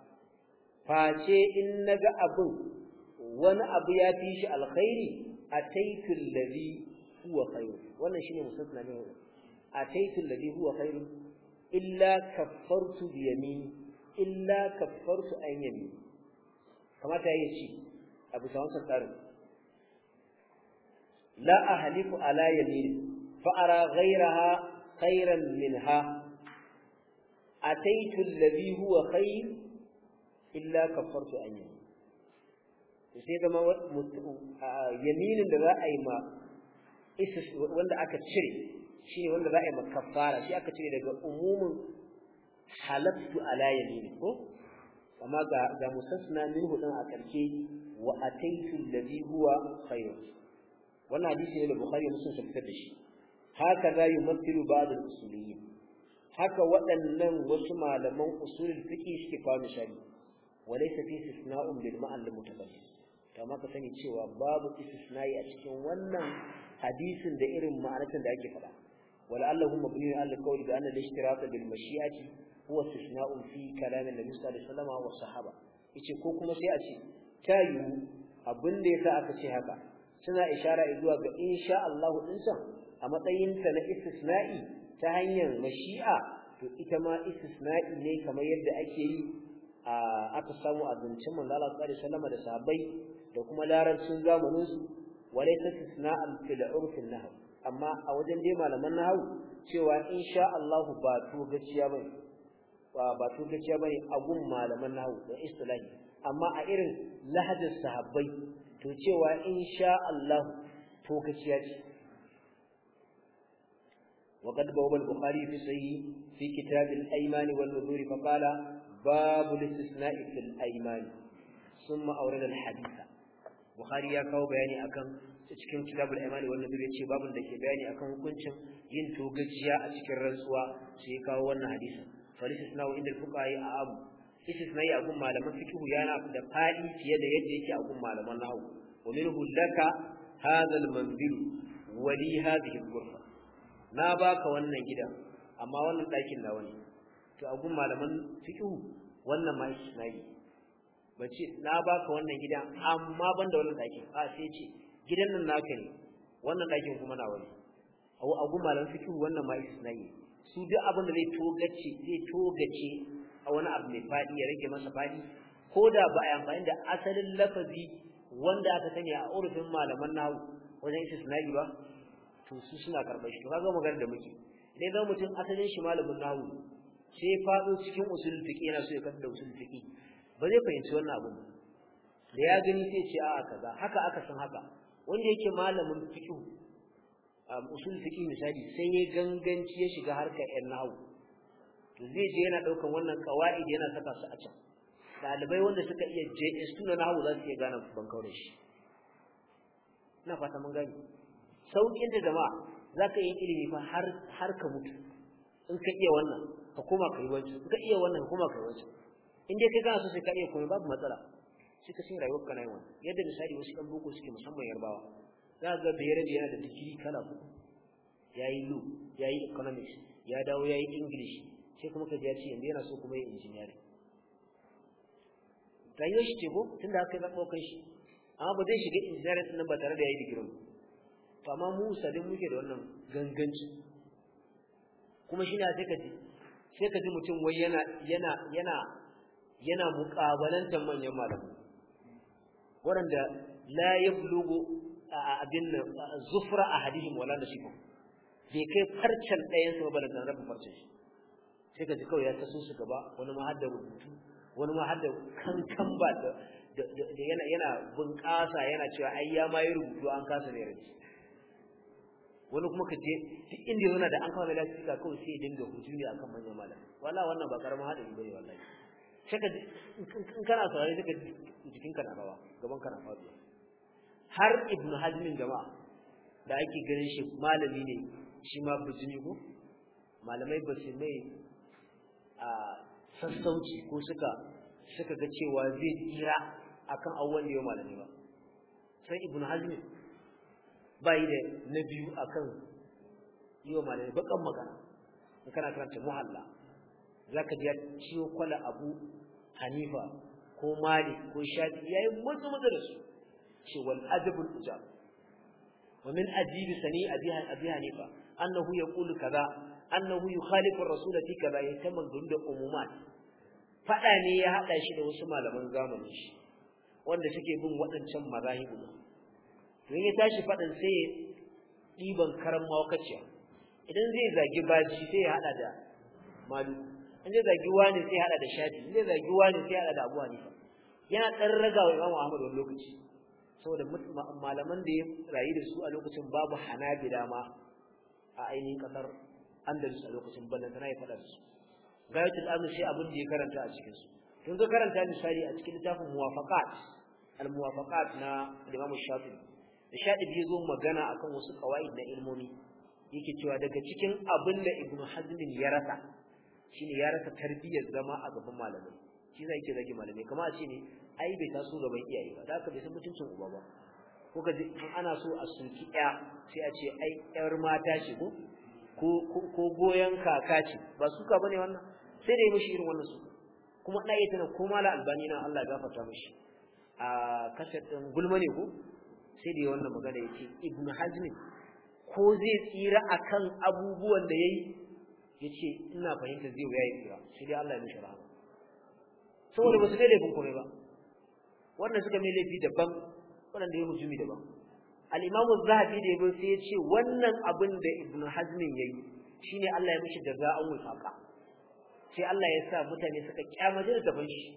face in naga abin wani abu ya fi shi alkhairi ataitu alladhi huwa khairu wannan shine musulmi A ataitu alladhi huwa khairu illa kaffartu bi yamini illa kaffartu an yamini kamata yayi ci abu sawansa tsarin la ahlifu ala yamini fa ara ghayraha khairan minha ataitu alladhi huwa khairu illa kafartu an yi sai zama yaminin da za a yi ma wanda aka cire shi ne wanda za a yi ma kafara shi aka cire daga umumin halattu ala yamini ko amma ga ga musasna min dan a karke wa ataitu alladhi huwa khairun wannan hadisi ne da bukhari muslim sun fitar da shi haka za yumathilu ba'd al-usuliyyin haka waɗannan wasu malaman usulul fiqh suke kawo misali وليس في استثناء للمعلم المتبين kama ka sani cewa babu istisnai a cikin wannan hadisin da irin ma'anatan da ake faɗa wala allahu mabni ala qawli bi anna al ishtiraq bil mashi'ati huwa istisna'un fi kalam an-nabi sallallahu alaihi wasallam wa sahaba yace ko kuma sai a ce tayu abin da yasa aka ce haka suna ishara zuwa ga insha Allah din sa a matsayin ta na istisna'i ta hanyar mashi'a to ita ma istisna'i ne kamar yadda ake yi aka samu azuncin manzo Allah sallallahu da sahabbai da kuma larabcin zamanin su walaysa al fil urf nahw amma a wajen dai malaman nahw cewa insha Allah ba to gaciya bane ba to gaciya bane a gun malaman nahw da istilahi amma a irin lahajar sahabbai to cewa insha Allah to gaciya ce وقد بوب البخاري في صحيح في كتاب الأيمان والنذور فقال babu الاستثناء في الايمان ثم اورد الحديث haditha bukhari ya kawo bayani akan cikin kitabul imani wannan da yace babun da ke bayani akan hukuncin yin togajiya a cikin rantsuwa sai kawo wannan suna wa inda fuqahi a abu istisna'i a gun malaman fiqh yana da fadi fiye da yadda yake a gun malaman nahwu wa min hulaka hadha al manzil wa li hadhihi al ghurfa na baka wannan gidan amma wannan ɗakin nawa ne to a gun malaman fiqh wannan ma istisnai bace na baka wannan gidan amma banda wannan dakin a sai ce gidan nan naka ne wannan dakin kuma na wani. au a gun malaman fiqh wannan ma istisnai su duk abin da zai togace zai togace a wani abu mai fadi ya rage masa fadi ko da ba a yi amfani da asalin lafazi wanda aka sani a urufin malaman nahu wajen istisnai ba to su suna karɓar shi to kaga magana da muke idan zama mutum asalin shi malamin nahu sai faɗo cikin usul fiqi yana so ya kanta usul fiqi ba zai fahimci wannan abin da ya gani sai ce a'a kaza haka aka san haka wanda yake malamin fiqi um, usul fiqi misali sai ya ganganci ya shiga harkar yan nahwu to zai je yana ɗaukar wannan kawa'id yana saka su a can dalibai wanda suka iya JS tuna nawo za su iya gane ban kaure shi ina fata mun gani sauƙin da jama'a zaka yi ilimi fa har ka mutu in ka iya wannan ka koma kai wanci ka iya wannan koma kai wanci in kai kana so sai ka iya komai babu matsala shi ka sai rayuwar ka na wannan yadda misali wasu kan boko suke musamman yarbawa za ka ga bayar da yana da digiri kala ku ya yi lu ya yi economics ya dawo ya yi english sai kuma ka ji ya ce yanzu yana so kuma ya engineering rayuwar shi ce ko tunda haka ya zaɓa kai shi amma ba zai shiga engineering nan ba tare da ya yi ba, to amma mu sadin muke da wannan ganganci kuma shine sai ka ji sai ka ji mutum wai yana yana yana yana muƙabalantar manyan malamu waɗanda la yablugu abin nan zufra hadihin wala nasibu bai kai farcen ɗayan su ba na rabin farcen shi sai ka ji kawai ya taso su gaba wani ma har rubutu wani ma har kankan ba da yana bunƙasa yana cewa ai ya ma yi rubutu an kasa ne rai wani kuma ka je duk inda yana da an kawo mai ka kawai sai dinga hutu ne akan manyan malamai wallahi wannan ba karamin ne bane wallahi shaka in kana saurare saka jikinka na rawa gaban kana fadi har ibnu hazmin jama'a da ake ganin shi malami ne shi ma bijimi ko malamai ba su mai a sassauci ko suka suka ga cewa zai jira akan awwal da yau malami ba sai ibnu hazmin bai da na biyu akan yi wa malamai bakan magana in kana karanta muhalla za ji ya ciwo kwala abu hanifa ko mali ko shafi yayi mazu mazu da su ce wal adabul ujab wa min ajibi sani a abi hanifa an na huye annahu yaqulu kaza huye yukhalifu rasu da fi kaza yatamman dunda umumat fada ne ya hada shi da wasu malaman zamanin shi wanda suke bin waɗancan mazahibin to in ya tashi fadin sai ya diban karan mawakaciya idan zai zagi baji sai ya hada da malu in zai zagi wani sai ya hada da shafi in zai zagi wani sai ya hada da abu hanifa yana dan raga wa imamu ahmad wani lokaci saboda malaman da ya rayu da su a lokacin babu hanabila ma a ainihin kasar andalus a lokacin ballantana ya faɗa su gayatul amr sai abin da ya karanta a cikin su yanzu karanta misali a cikin littafin muwafaqat al muwafaqat na imam shafi'i da shaɗibi ya zo magana akan wasu kawai na ilmomi yake cewa daga cikin abin da Ibn hazmin ya rasa shine ya rasa tarbiyyar zama a gaban malamai shi zai yake zagi malamai Kama a ce ne ai bai taso gaban iyaye ba Za haka bai san mutuncin uba ba ko ka ji ana so a sunki ya sai a ce ai yar mata ce ko ko goyon kaka ce ba suka bane wannan sai da yi mishi irin wannan su kuma ɗaya tana ko mala albani na Allah gafarta mishi a kasar ɗin gulma ne ko sai da wannan magana ce, ibn hazm ko zai tsira akan abubuwan da yayi yace ina fahimta zai wuya ya tsira sai dai Allah ya mishi rahama saboda ba su dai laifin kome ba wannan suka mai laifi daban wannan da ya mujumi daban al-imam az-zahabi da yabo sai yace wannan abin da ibn hazm yayi shine Allah ya mishi daga an wufaka sai Allah ya sa mutane suka kyamaje da gaban shi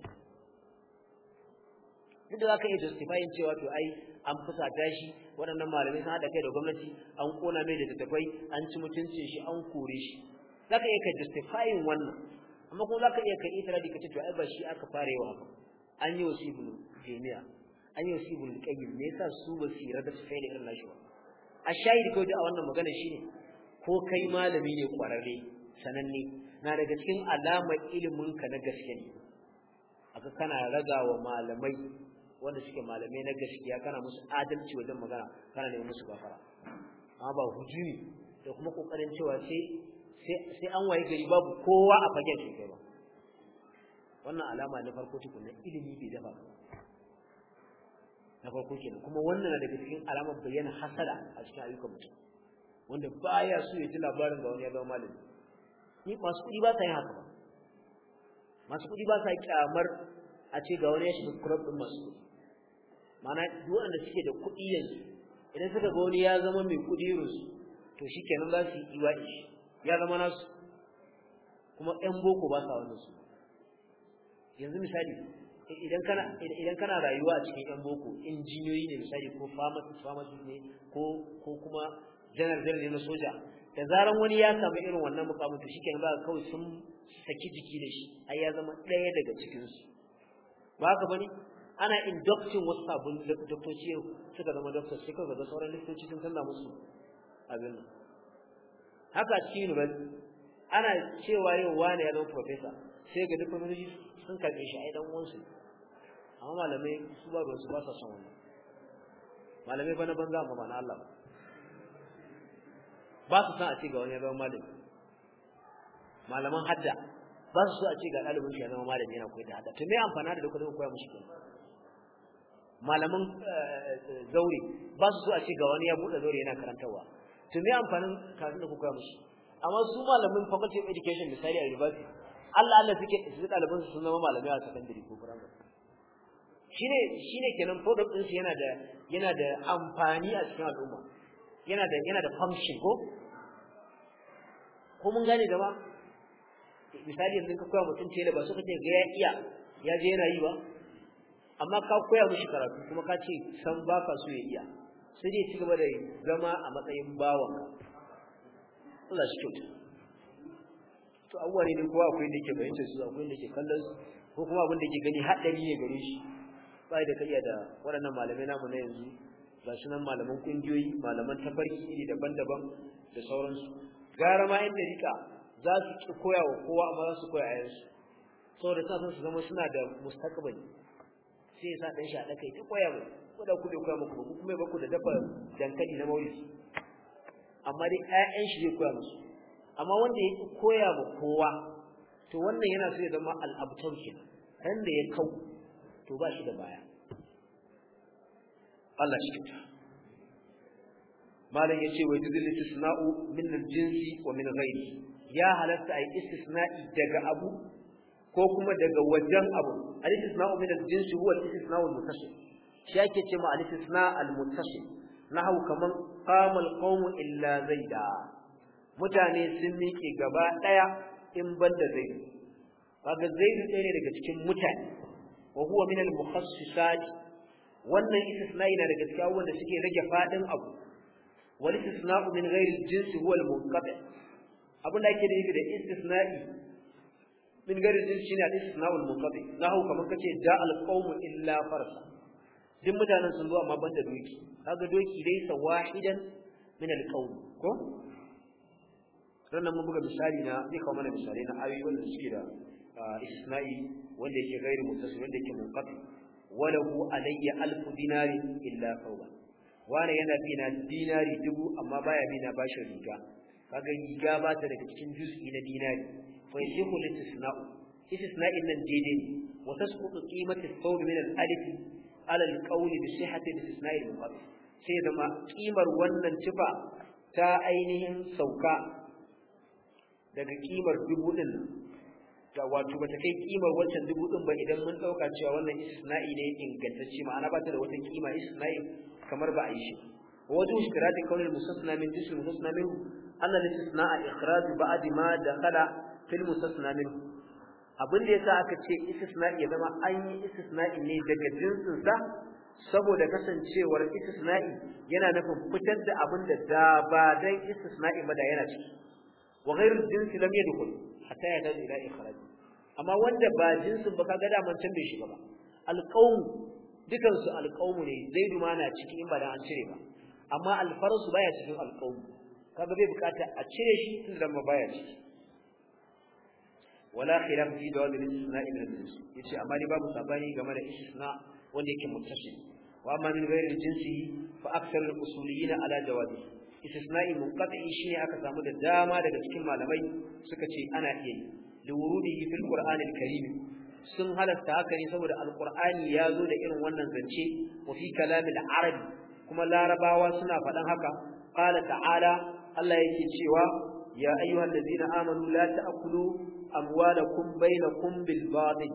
duk da aka yi justifying cewa to ai an fusata shi waɗannan malamai sun haɗa kai da gwamnati an kona mai da tattafai an ci mutunci shi an kore shi zaka iya ka justifying wannan amma kuma zaka iya ka itiradi ka ce to ai ba shi aka yawa ba an yi wasu ibnu jami'a an yi wasu ibnu qayyim me yasa su ba su rada su fara irin nashi ba a shahidi ko da wannan magana shine ko kai malami ne kwararre sananne na daga cikin alamar ilimin ka na gaske ne aka kana ragawa malamai wanda suke malamai na gaskiya kana musu adalci wajen magana kana neman musu gafara amma ba hujumi da kuma kokarin cewa sai sai an waye gari babu kowa a fagen shi kai ba wannan alama na farko tukunna ilimi bai dafa na farko kenan kuma wannan na daga cikin alamar bayyana hasada a cikin ayyukan mutum wanda baya so ya ji labarin ga wani ya zama malami ni masu kuɗi ba sa yin haka ba masu kuɗi ba sa kyamar a ce ga wani ya shiga club din masu kuɗi mana duk wanda suke da kuɗi yanzu idan suka ga wani ya zama mai kuɗi rusu to shikenan za su yi iwaɗi ya zama nasu kuma ƴan boko ba sa wannan su yanzu misali idan kana idan kana rayuwa a cikin ƴan boko injiniyoyi ne misali ko pharmacist pharmacist ne ko ko kuma general general ne na soja da zaran wani ya samu irin wannan mukamin to shikenan ba kawai sun saki jiki da shi ai ya zama ɗaya daga cikin su ba haka bani. ana inductin wasu sabon doktoci yau suka zama doktor sai kaga ga sauran likitoci sun canza musu abin haka shi cikin ba ana cewa yau wani ya zama professor sai ga duk wani sun karbe shi a idan wansu amma malamai su ba ruwansu ba sa son wani. malamai ba na banza amma ba na Allah ba su san a ce ga wani ya zama malami malaman hadda ba su so a ce ga ɗalibin shi ya zama malami yana koyar da hadda to me amfana da dukkan da koya mushi kenan malaman eh, zaure ba su a ce ga wani ya buɗe zaure yana karantarwa to me amfanin karatun da kuka musu, amma su malamin faculty of education misali a university Allah Allah suke su ɗaliban su zama malamai a secondary ko primary shine shine kenan product din su yana da yana da amfani a cikin al'umma yana da yana da function ko ko mun gane gaba misali yanzu ka koya mutum tela ba su kace ga ya iya ya je yana yi ba amma ka koya mishi karatu kuma ka ce san ba ka so ya iya sai dai ci gaba da zama a matsayin bawan Allah shi kyauta to abuwa ne ne akwai da ke fahimtar su akwai da ke kallon su ko kuma abin da ke gani haɗari ne gare shi ba da kariya da waɗannan malamai namu na yanzu ga shi nan malaman ƙungiyoyi malaman tafarki iri daban-daban da sauransu gara ma yan rika za su koya wa kowa amma za su koya a yansu saboda sa su zama suna da mustaqbali sai ya sa ɗan shi a dakai ta koya mu ko da ku bai koya muku ba kuma ba ku da dafa dankali na maulidi amma dai ƴaƴan shi zai koya musu amma wanda ya koya ma kowa to wannan yana so ya zama al'abtar shi ran da ya kau to ba shi da baya Allah shi kita malam yace wa yudil istisna'u min al-jinsi wa min ghairi ya halatta ai istisna'i daga abu ko kuma daga wajen abu al-istisna'u min al-jins huwa al-istisna'u al-muttasil shi ce ma al na al-muttasil nahu kaman qama al-qawmu illa zaida mutane sun miƙe gaba daya in banda daga cikin mutane wa huwa min wannan istisna'i na daga cikin abubuwan da suke rage fadin abu wal istisna'u min ghairi al-jins huwa al-munqati abin da ake da istisna'i min gari jin shine al-istisna'ul munqati nahu kamar kace ja al-qawmu illa farsa duk mutanen sun zo amma ban da doki kaga doki sa wahidan min al-qawm ko sannan mun buga misali na zai kawo mana misali na ayoyi wanda suke da ah, istisna'i wanda yake gairu mutasil wanda yake munqati walahu alayya alfu dinari illa fawba wani yana bi dinari dubu amma baya bi na bashin riga kaga riga ba ta daga cikin juz'i na dinari fa yasihu listisna'u istisna'in nan daidai ne wa tasqutu qimatu sawm min alif ala al-qawl bi sihhati istisna'i al-muqaddas sai da ma wannan tufa ta ainihin sauka daga da wato bata kai kimar wancan dubu din ba idan mun dauka cewa wannan istisna'i ne ingantacce ma'ana ba ta da wata kima istisna'i kamar ba a yi shi وجه اشتراط كون المستثنى من جسم المستثنى منه أن الاستثناء إخراج ma da دخل fil mustasna min abin da yasa aka ce istisna ya zama an yi istisna ne daga jinsin sa saboda kasancewar istisna yana nufin fitar da abin da da ba dan istisna ba da yana ciki wa ghairu jinsi lam yadkhul hatta ya dace ila ikhraj amma wanda ba jinsin ba ga da man tambaye shi ba alqawm dukan su alqawm ne zaidu ma na ciki in ba da an cire ba amma alfarsu baya cikin alqawm kaga bai bukata a cire shi da ba baya ciki wala khilaf fi dawab al-istisna ibn al-jins yace amma ni babu sabani game da istisna wanda yake muttasil wa amma min ghairi al-jinsi fa akthar al-usuliyyin ala jawabi istisna'i munqati shine aka samu da dama daga cikin malamai suka ce ana iya yi liwurudihi fil qur'an al-karim sun halarta haka ne saboda al-qur'ani ya zo da irin wannan zance wa fi kalam al-arab kuma larabawa suna faɗan haka qala ta'ala Allah yake cewa ya ayyuhallazina amanu la ta'kulu amwalakum bainakum bil batil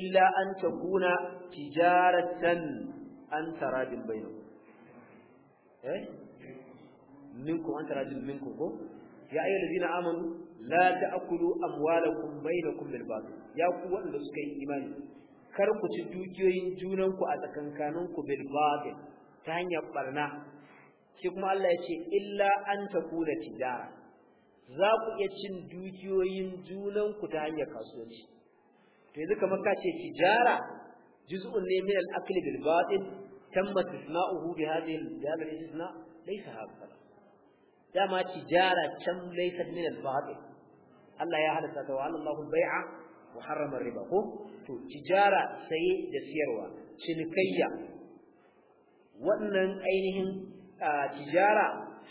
illa an takuna tijaratan an taradin bainakum eh minkum an taradin minkum ko ya ayyuhal ladina amanu la ta'kulu amwalakum bainakum bil batil ya ku wanda suka yi imani kar ku ci dukiyoyin junanku a tsakankaninku bil batil ta hanyar ɓarna. shi kuma Allah ya ce illa an takuna tijara za ku iya cin dukiyoyin junanku ta hanyar kasuwanci to yanzu kamar ka ce tijara juz'un ne min al-akli bil batil tamma tisna'uhu bi hadhihi al-jala istisna laysa hadha dama tijara can laysa min al-batil Allah ya halatta ta wa Allahu bai'a wa harrama riba ko to tijara sai da siyarwa cinikayya wannan ainihin ah, tijara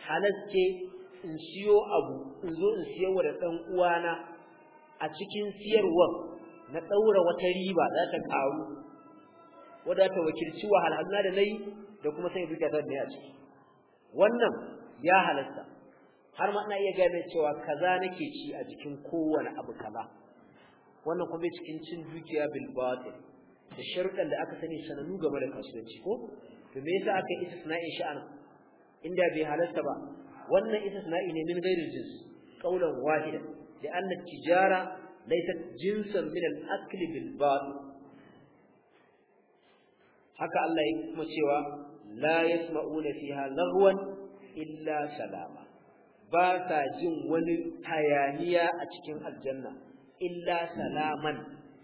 halasce in siyo abu in zo in wa da ɗan uwana a cikin siyarwar na ɗaura wata riba za ta karu wadda ta wakilci wahalhalna da nayi da kuma sai duka da ne a ciki wannan ya halasta har ma ina iya gane cewa kaza nake ci a jikin kowane abu kaza wannan kuma cikin cin dukiya bil batil da sharuɗan da aka sani sananu game da kasuwanci ko to me yasa aka yi istisna'in sha'an inda bai halasta ba wannan istisna'i ne min ghairi jins qawlan wahida da anna tijara laysat jinsan min al-akl bil batil haka Allah ya kuma cewa la yasma'una fiha laghwan illa salama ba sa jin wani hayaniya a cikin aljanna illa salaman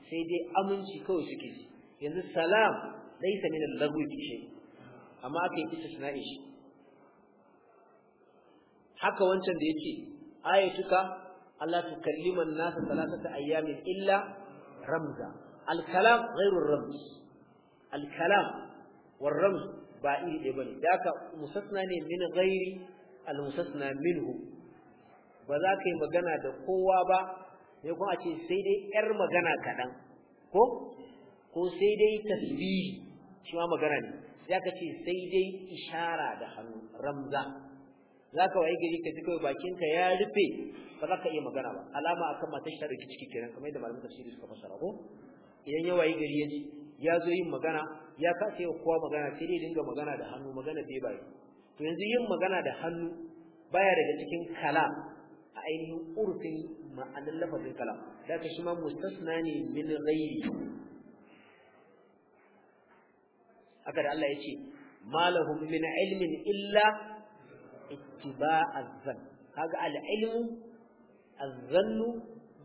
sai dai aminci kawai suke yanzu salam laysa min al-laghwi shay amma akai istisna'i shi haka wancan da yace ayatuka Allah kalliman nasa salasata ayyamin illa ramza al-kalam ghairu ramz al-kalam ramz ba iri ɗaya bane da haka musasna ne min ghairi al-musasna minhu ba za ka yi magana da kowa ba sai kuma a ce sai dai yar magana kaɗan ko ko sai dai tasbihi shi ma magana ne sai ka ce sai dai ishara da hannu ramza za ka waye gari ka ji kawai ka ya rufe ba za ka iya magana ba alama akan matar shi da ciki kenan kamar yadda malamin tafsiri suka fassara ko idan ya waye gari ya ji ya zo yin magana ya kasa yau kowa magana sai dai dinga magana da hannu magana bai bai to yanzu yin magana da hannu baya daga cikin kala a ainihin urfin ma'anar lafazin kalam da ka shi ma mustasna ne min ghairi haka da Allah ya ce malahum min ilmin illa اتباع الظن هذا العلم الظن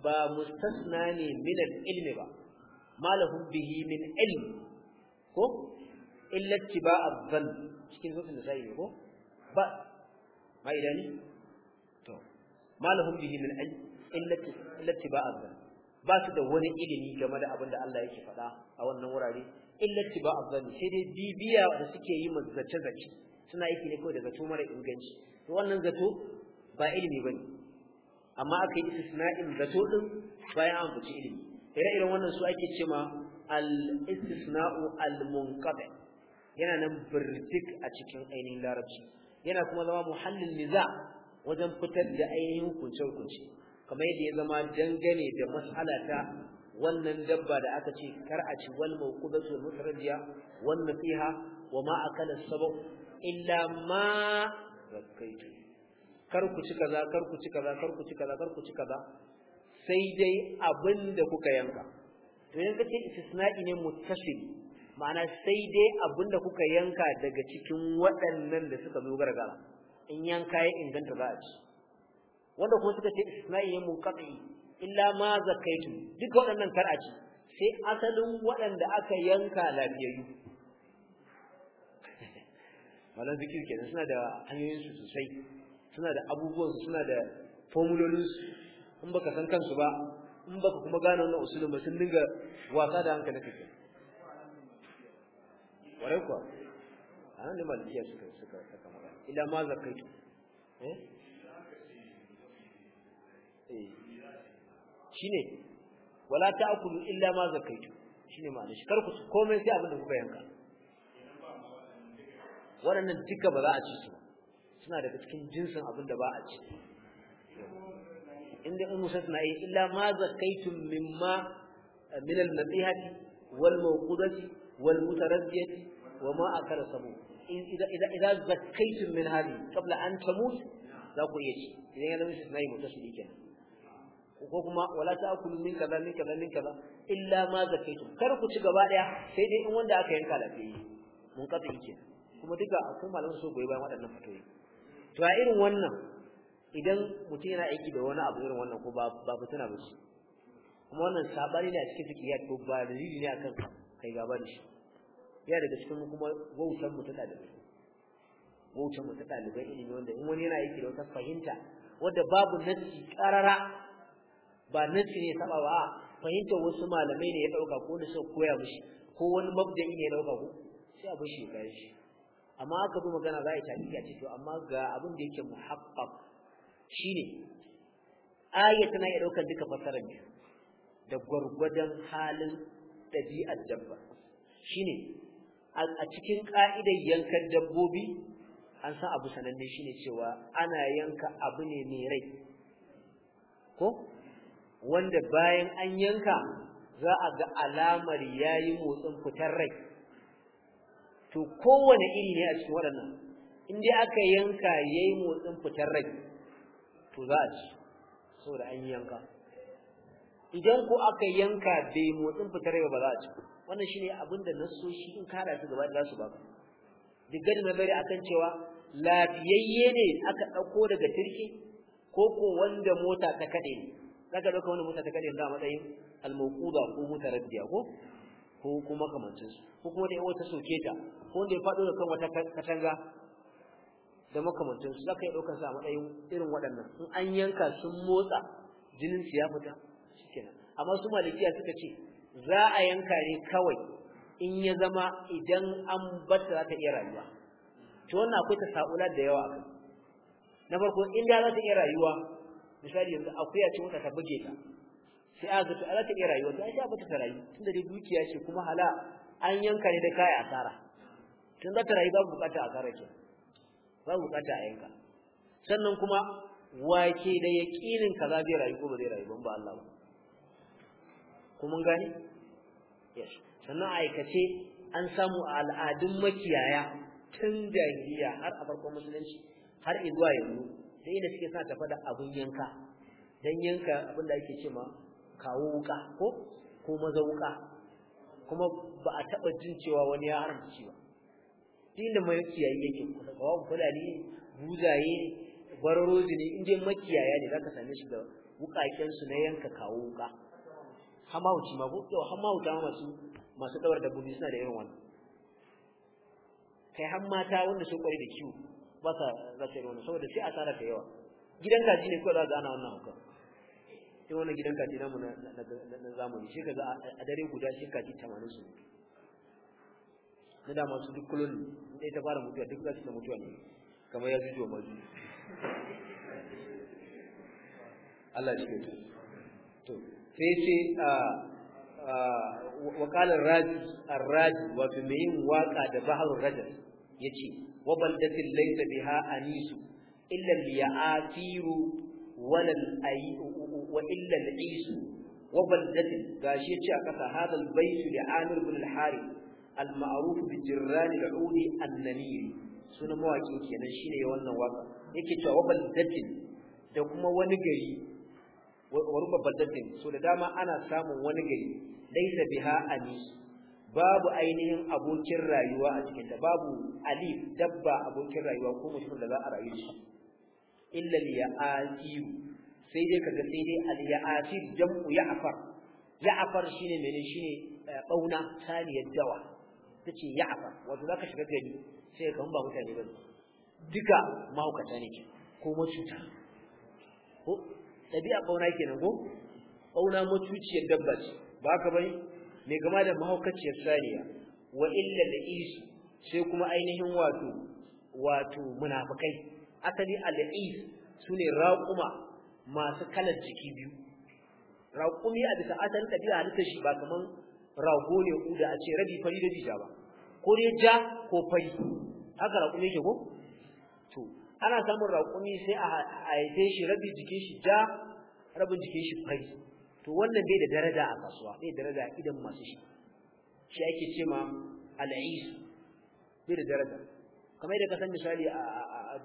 بمستثنى من العلم ba ما ne به من ilmi ba malahu bihi min ilm ko illa ittiba' az-zann cikin sosin da sai ko ba ma idani to ba su da wani ilimi game da abin da Allah yake faɗa a wannan wurare illa ittiba' az sai dai bibiya da suke yi mazzace-zace suna aiki ne kawai da zato mara inganci to wannan zato ba ilimi ne, amma aka yi istisna'in zato ɗin bayan an fice ilimi ire-iren wannan su ake cewa al-istisna'u al-munqati yana nan birtik a cikin ainihin larabci yana kuma zama muhallin niza wajen fitar da ainihin kunce-kunce kamar yadda ya zama dangane da mas'ala ta wannan dabba da aka ce kar a ci wal mawqudatu mutarajiya wan nasiha wa ma akala sabab illa ma zakaitu kar ku ci kaza kar ku ci kaza kar ku ci kaza kar ku ci kaza sai dai abinda kuka yanka to yanka ce istisna'i ne muttasil ma'ana sai dai abinda kuka yanka daga cikin waɗannan da suka zo gargara in yanka ya inganta za a ci wanda kuma suka ce istisna'i ne munqati illa ma zakaitu duk waɗannan kar a ci sai asalin waɗanda aka yanka lafiyayyu malan zikir kenan suna da hanyoyin su sosai suna da abubuwan su suna da formulolin su in baka san kansu ba in baka kuma gane wannan usulin ba sun dinga wasa da hankali kake warai kuwa a nan ne malikiya suka suka saka magana ila ma zakaitu eh eh shine wala ta'kulu illa ma zakaitu shine ma'ana shi kar ku komai sai abin da kuka yanka waɗannan duka ba za a ci su suna daga cikin jinsin abin da ba a ci inda in musa suna yi illa ma zakaitum mimma eh, min al-nasihati wal mawqudati wal mutaraddiyati wa ma akala sabu idan idan zakaitum min hadi qabla an tamut za ku iya ci idan ya zama suna yi mutasili kenan ko kuma wala ta'kulu min kaza min kaza min kaza illa ma zakaitum kar ku ci gaba daya sai dai in wanda aka yanka lafiya mun kafa yake kuma duka akwai malaman so goyi bayan waɗannan fatoyi to a irin wannan idan mutum yana aiki da wani abu irin wannan ko ba ba fitina ba shi kuma wannan sabari ne a cikin ya ko ba dalili ne akan kai gaba da shi ya daga cikin kuma wautan mutum da wautan mutum ɗaliban ilimi wanda in wani yana aiki da wata fahimta wanda babu nassi karara ba nassi ne saba ba fahimtar wasu malamai ne ya ɗauka ko da suka koya mishi ko wani mabda'i ne ya ɗauka, ko sai a bashi ya kai shi amma aka bi magana za a yi tafiya ce to amma ga abin da yake shi ne. aya tana iya daukar duka fasarar ne da gwargwadon halin ɗabi'ar dabba ne a cikin ƙa'idar yankan dabbobi an san abu sananne ne cewa ana yanka abu ne mai rai ko wanda bayan an yanka za a ga alamar yayi motsin fitar rai to kowane iri ne a cikin waɗannan in dai aka yanka yayi motsin fitar rai to za a ci saboda an yanka idan ko aka yanka bai motsin fitar rai ba za a ci wannan shine abin da shi in kada su gaba da su baka digar na bari akan cewa lafiyayye ne aka dauko daga turki ko ko wanda mota ta kade ne zaka dauka wanda mota ta kade da matsayin al-mawquda ko mutarabbiya ko ko kuma kamancin su ko kuma dai wata soke ta ko wanda ya faɗo da kan wata katanga da makamancin su zaka yi ɗaukar sa matsayin irin waɗannan in an yanka sun motsa jinin su ya fita shikenan amma su malikiya suka ce za a yanka ne kawai in ya zama idan an bata za ta iya rayuwa to wannan akwai sa'ula da yawa akan na farko in da za ta iya rayuwa misali yanzu akuya ce wata ta buge ta sai aka ta za ta iya rayuwa sai aisha ba ta rayu tunda dai dukiya ce kuma hala an yanka ne da kai asara tun za ta rayu babu bukata a asara ke babu bukata a yanka sannan kuma wake da yaqinin za zai rayu ko ba zai rayu ban ba Allah ba ku mun gani? yes sannan aikace an samu al'adun makiyaya tun jahiliya har a farkon musulunci har izuwa yanzu sai da suke sa tafa da abun yanka dan yanka abin da ake cewa kawo wuka ko ko maza wuka kuma ba a taba jin cewa wani ya haramci ba inda mai kiyaye yake kuma ba wani ne buzaye bararozi ne inda makiyaya ne zaka same shi da wukaken su na yanka kawo wuka hamauci ma ko to hamauta ma masu masu dawar dabbobi suna da irin wannan kai hammata wanda sun kware da kiwo ba sa za ta yi wannan saboda sai a tsara ta yawa gidan kaji ne kawai za ka ana wannan hukuma sai wannan gidan kaji namu na na zamani shi kaza a dare guda shi kaji 80 su na da masu duk kullun dai ta fara mutuwa duk zasu su mutuwa ne kamar ya zuwa mazu Allah shi ke to sai ce a وقال الراجي الراجي وبمين واقع دبهر الرجل يتي وبلدة ليس بها أنيس إلا اليعافير ولا الأي wa illa isu wa baldatin gashi yace a kasa hadal baitu da amir ibn al-harith al-ma'ruf bi jirran al-udi an-namiri sunan mawakin kenan shine wannan waka yake cewa wa baldatin da kuma wani gari wa ruba baldatin so da dama ana samun wani gari laysa biha anis babu ainihin abokin rayuwa a cikin babu alif dabba abokin rayuwa ko da za a rayu shi illa liyaqiyu sai dai kaga sai dai al-ya'asir jam'u ya'far ya'far shine menene shine eh, bauna saniyar dawa tace ya'far wato zaka shiga gari sai ka ba mutane bane duka mahaukata ne ko macuta ko tabi'a bauna kenan ko bauna macuciyar dabba ce ba ka bai ne gama da mahaukaciyar saniya wa illa al sai kuma ainihin wato wato munafikai asali al-is sune raquma masu kalar jiki biyu raƙumi a bisa asalin ɗabi'a halitta shi ba kaman rago ne da a ce rabi fari da bija ba ko dai ja ko fari haka raƙumi yake ko to ana samun raƙumi sai a haife shi rabi jikin shi ja rabin jikin shi fari to wannan bai da daraja a kasuwa bai daraja a idan masu shi shi ake ce ma al'is bai da daraja kamar yadda ka san misali a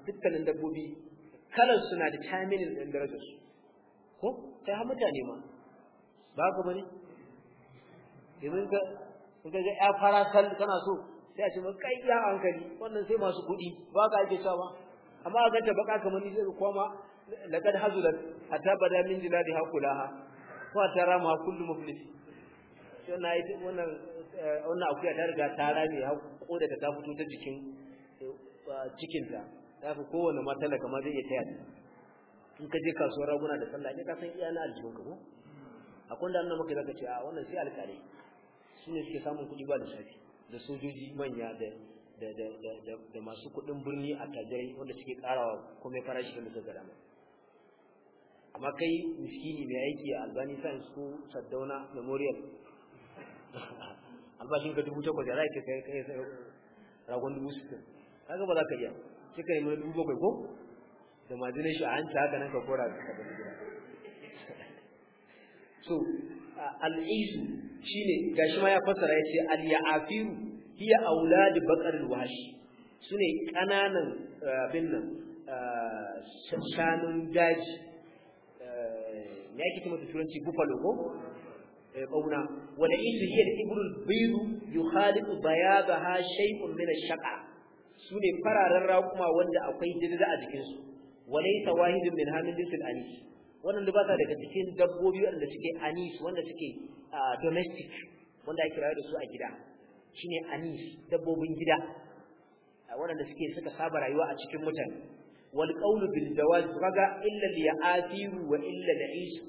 dukkanin dabbobi kalan suna da taminin ɗin darajar su ko kai ha mutane ma ba ka bane idan ka ga ya fara kal kana so sai a ce maka kai ya hankali wannan sai masu kuɗi ba ka ake cewa amma a ta baka kamar ni sai ka koma laqad hazulat hatta bada min jiladi hakulaha wa ma kullu muflis to na yi wannan eh, wannan akuya ta riga ta rame har ko da ta fito ta jikin eh, cikin ta zaka kowane mata da kama zai iya taya in ka je kasuwar raguna da sallah ne ka san iya na aljihun ka ko akwai da annabi maka zaka ce a wannan sai su ne suke samun kuɗi ba da shafi da sojoji manya da da da da da masu kuɗin birni a tajirai wanda suke ƙarawa komai farashi da suka gada amma kai miskini mai aiki a albani science ko saddauna memorial albashin ka dubu takwas ya za ka kai ragon dubu sittin kaga ba za ka iya kika yi mai dubu ko da majinin shi a hanci haka nan ka kora ka da gida so al-izu shine gashi ma ya fassara yace al ya'afiru hiya aulad baqar al wahshi sune kananan eh, abin nan eh, shanun daji ne eh, yake kuma turanci buffalo ko bauna wala izu hiya al ibrul bayd yukhaliqu bayadaha shay'un min al shaqa su ne fararen raƙuma wanda akwai jirgin a jikinsu walaita wahidun min hamin jinsin anis wannan da ba ta daga cikin dabbobi wanda suke anis wanda suke domestic wanda ake rayu da su a gida shine anis dabbobin gida wanda suke suka saba rayuwa a cikin mutane wal qawlu bil jawaz kaga illa li ya'tiru wa illa li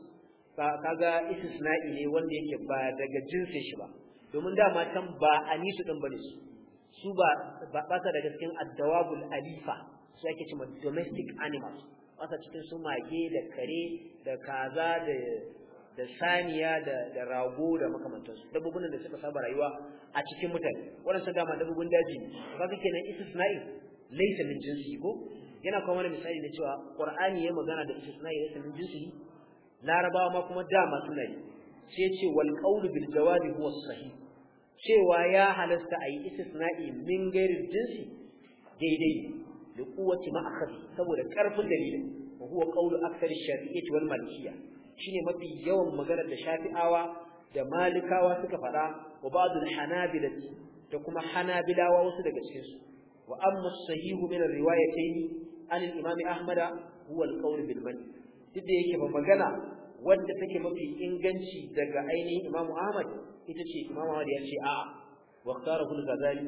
fa kaga istisna'i ne wanda yake ba daga jinsin shi ba domin dama can ba anisu din bane su su ba ba sa daga cikin addawabul alifa su ake cewa domestic animals wata cikin su mage da kare da kaza da da saniya da da rago da makamantansu dabbobin da suka saba rayuwa a cikin mutane Wannan sun dama dabbobin daji ba kaga kenan istisna'i laysa min jinsi ko yana kuma wani misali da cewa qur'ani ya magana da istisna'i laysa min jinsi larabawa ma kuma dama suna yi sai ce wal qawlu bil jawabi huwa sahih cewa ya halasta a yi istisna'i min gairin jinsi daidai da kowace ma'akari saboda ƙarfin dalilin ƙaunar aksar qawlu akthar shafi'iyyah malikiya Shi ne mafi yawan maganar da shafi'awa da malikawa suka faɗa wa ba al hanabila da kuma hanabilawa wasu daga cikin su wa sahihu min ar riwayatayn an al imam ahmad huwa al bil duk da yake ba magana wanda take mafi inganci daga ainihin imam ahmad ita ce imam Ahmad ya ce a wa qarahu al-Ghazali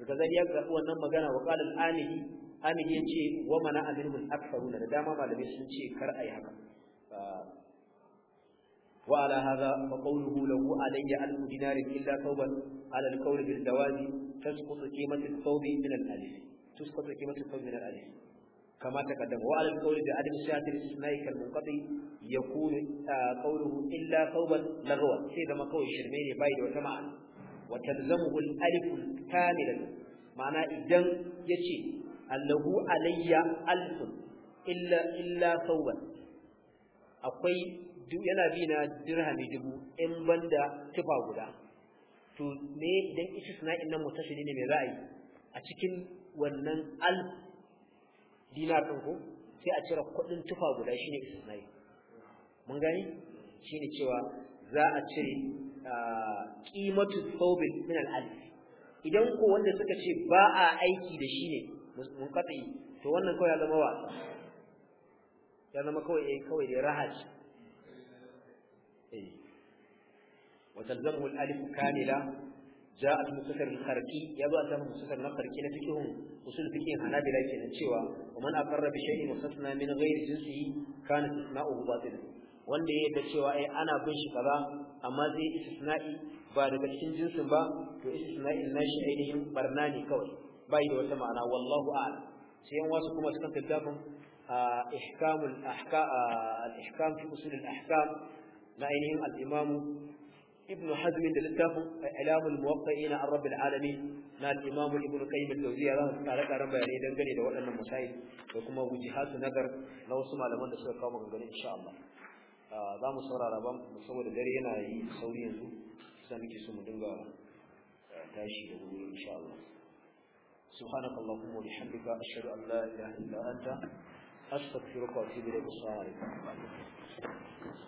al-Ghazali ya ga wannan magana wa qala al-Amili Amili ya ce wa mana alimul aktharuna da dama malamai sun ce kar ayi haka وعلى هذا فقوله له علي ألف دينار إلا ثوبا على القول بالجواز تسقط قيمة الثوب من الألف تسقط قيمة الثوب من الألف كما تقدم وعلى القول بعدم الشاذ الاستثنائي كالمنقطع يكون قوله إلا ثوبا لغوا سيدا ما قول الشرمين بايد وتمعنا وتلزمه الألف كاملا معنى إذن يشي أنه علي ألف إلا إلا ثوبا أقوي yana bina dirhami dubu in banda tufa guda to me dan istisna'in nan mutasili ne me ra'ayi a cikin wannan alf dinar din ko sai a cire kudin tufa guda shine istisnai mun gani shine cewa za a cire ah, qimatu thawbin min al-alf idan ko wanda suka ce ba a aiki da shi ne mun katsi to wannan kawai ya zama wa ya zama kawai eh kawai da rahaji eh wa talzamu al alf kamila جاء المختصر الخرقي يبقى تم المختصر الخرقي لفقه na فقه حنابلة kenan cewa ومن اقر بشيء مستثنى من غير جنسه كان استثناؤه باطلا wanda ya yarda cewa ai ana bin shi kaza amma zai istisna'i ba daga cikin jinsin ba to istisna'in nashi ainihin barna ne kawai bai da wata ma'ana wallahu a'lam sai yan wasu kuma suka tattafin ihkamul ahkam al na ainihin al'imamu. ibnu hazm da littafin ilamul muwaqqi'in an rabbil alamin na imam ibn qayyim al-jawziyya za su tsara karan bayanai dangane da waɗannan masail da kuma wujihatu nagar na wasu malaman da suka kama maganganun insha Allah ah, za mu saurara ba saboda dare yana yi sauri yanzu sai muke dinga ah, tashi da wuri سبحانك اللهم وبحمدك أشهد أن لا إله إلا أنت أستغفرك وأتوب إليك السلام عليكم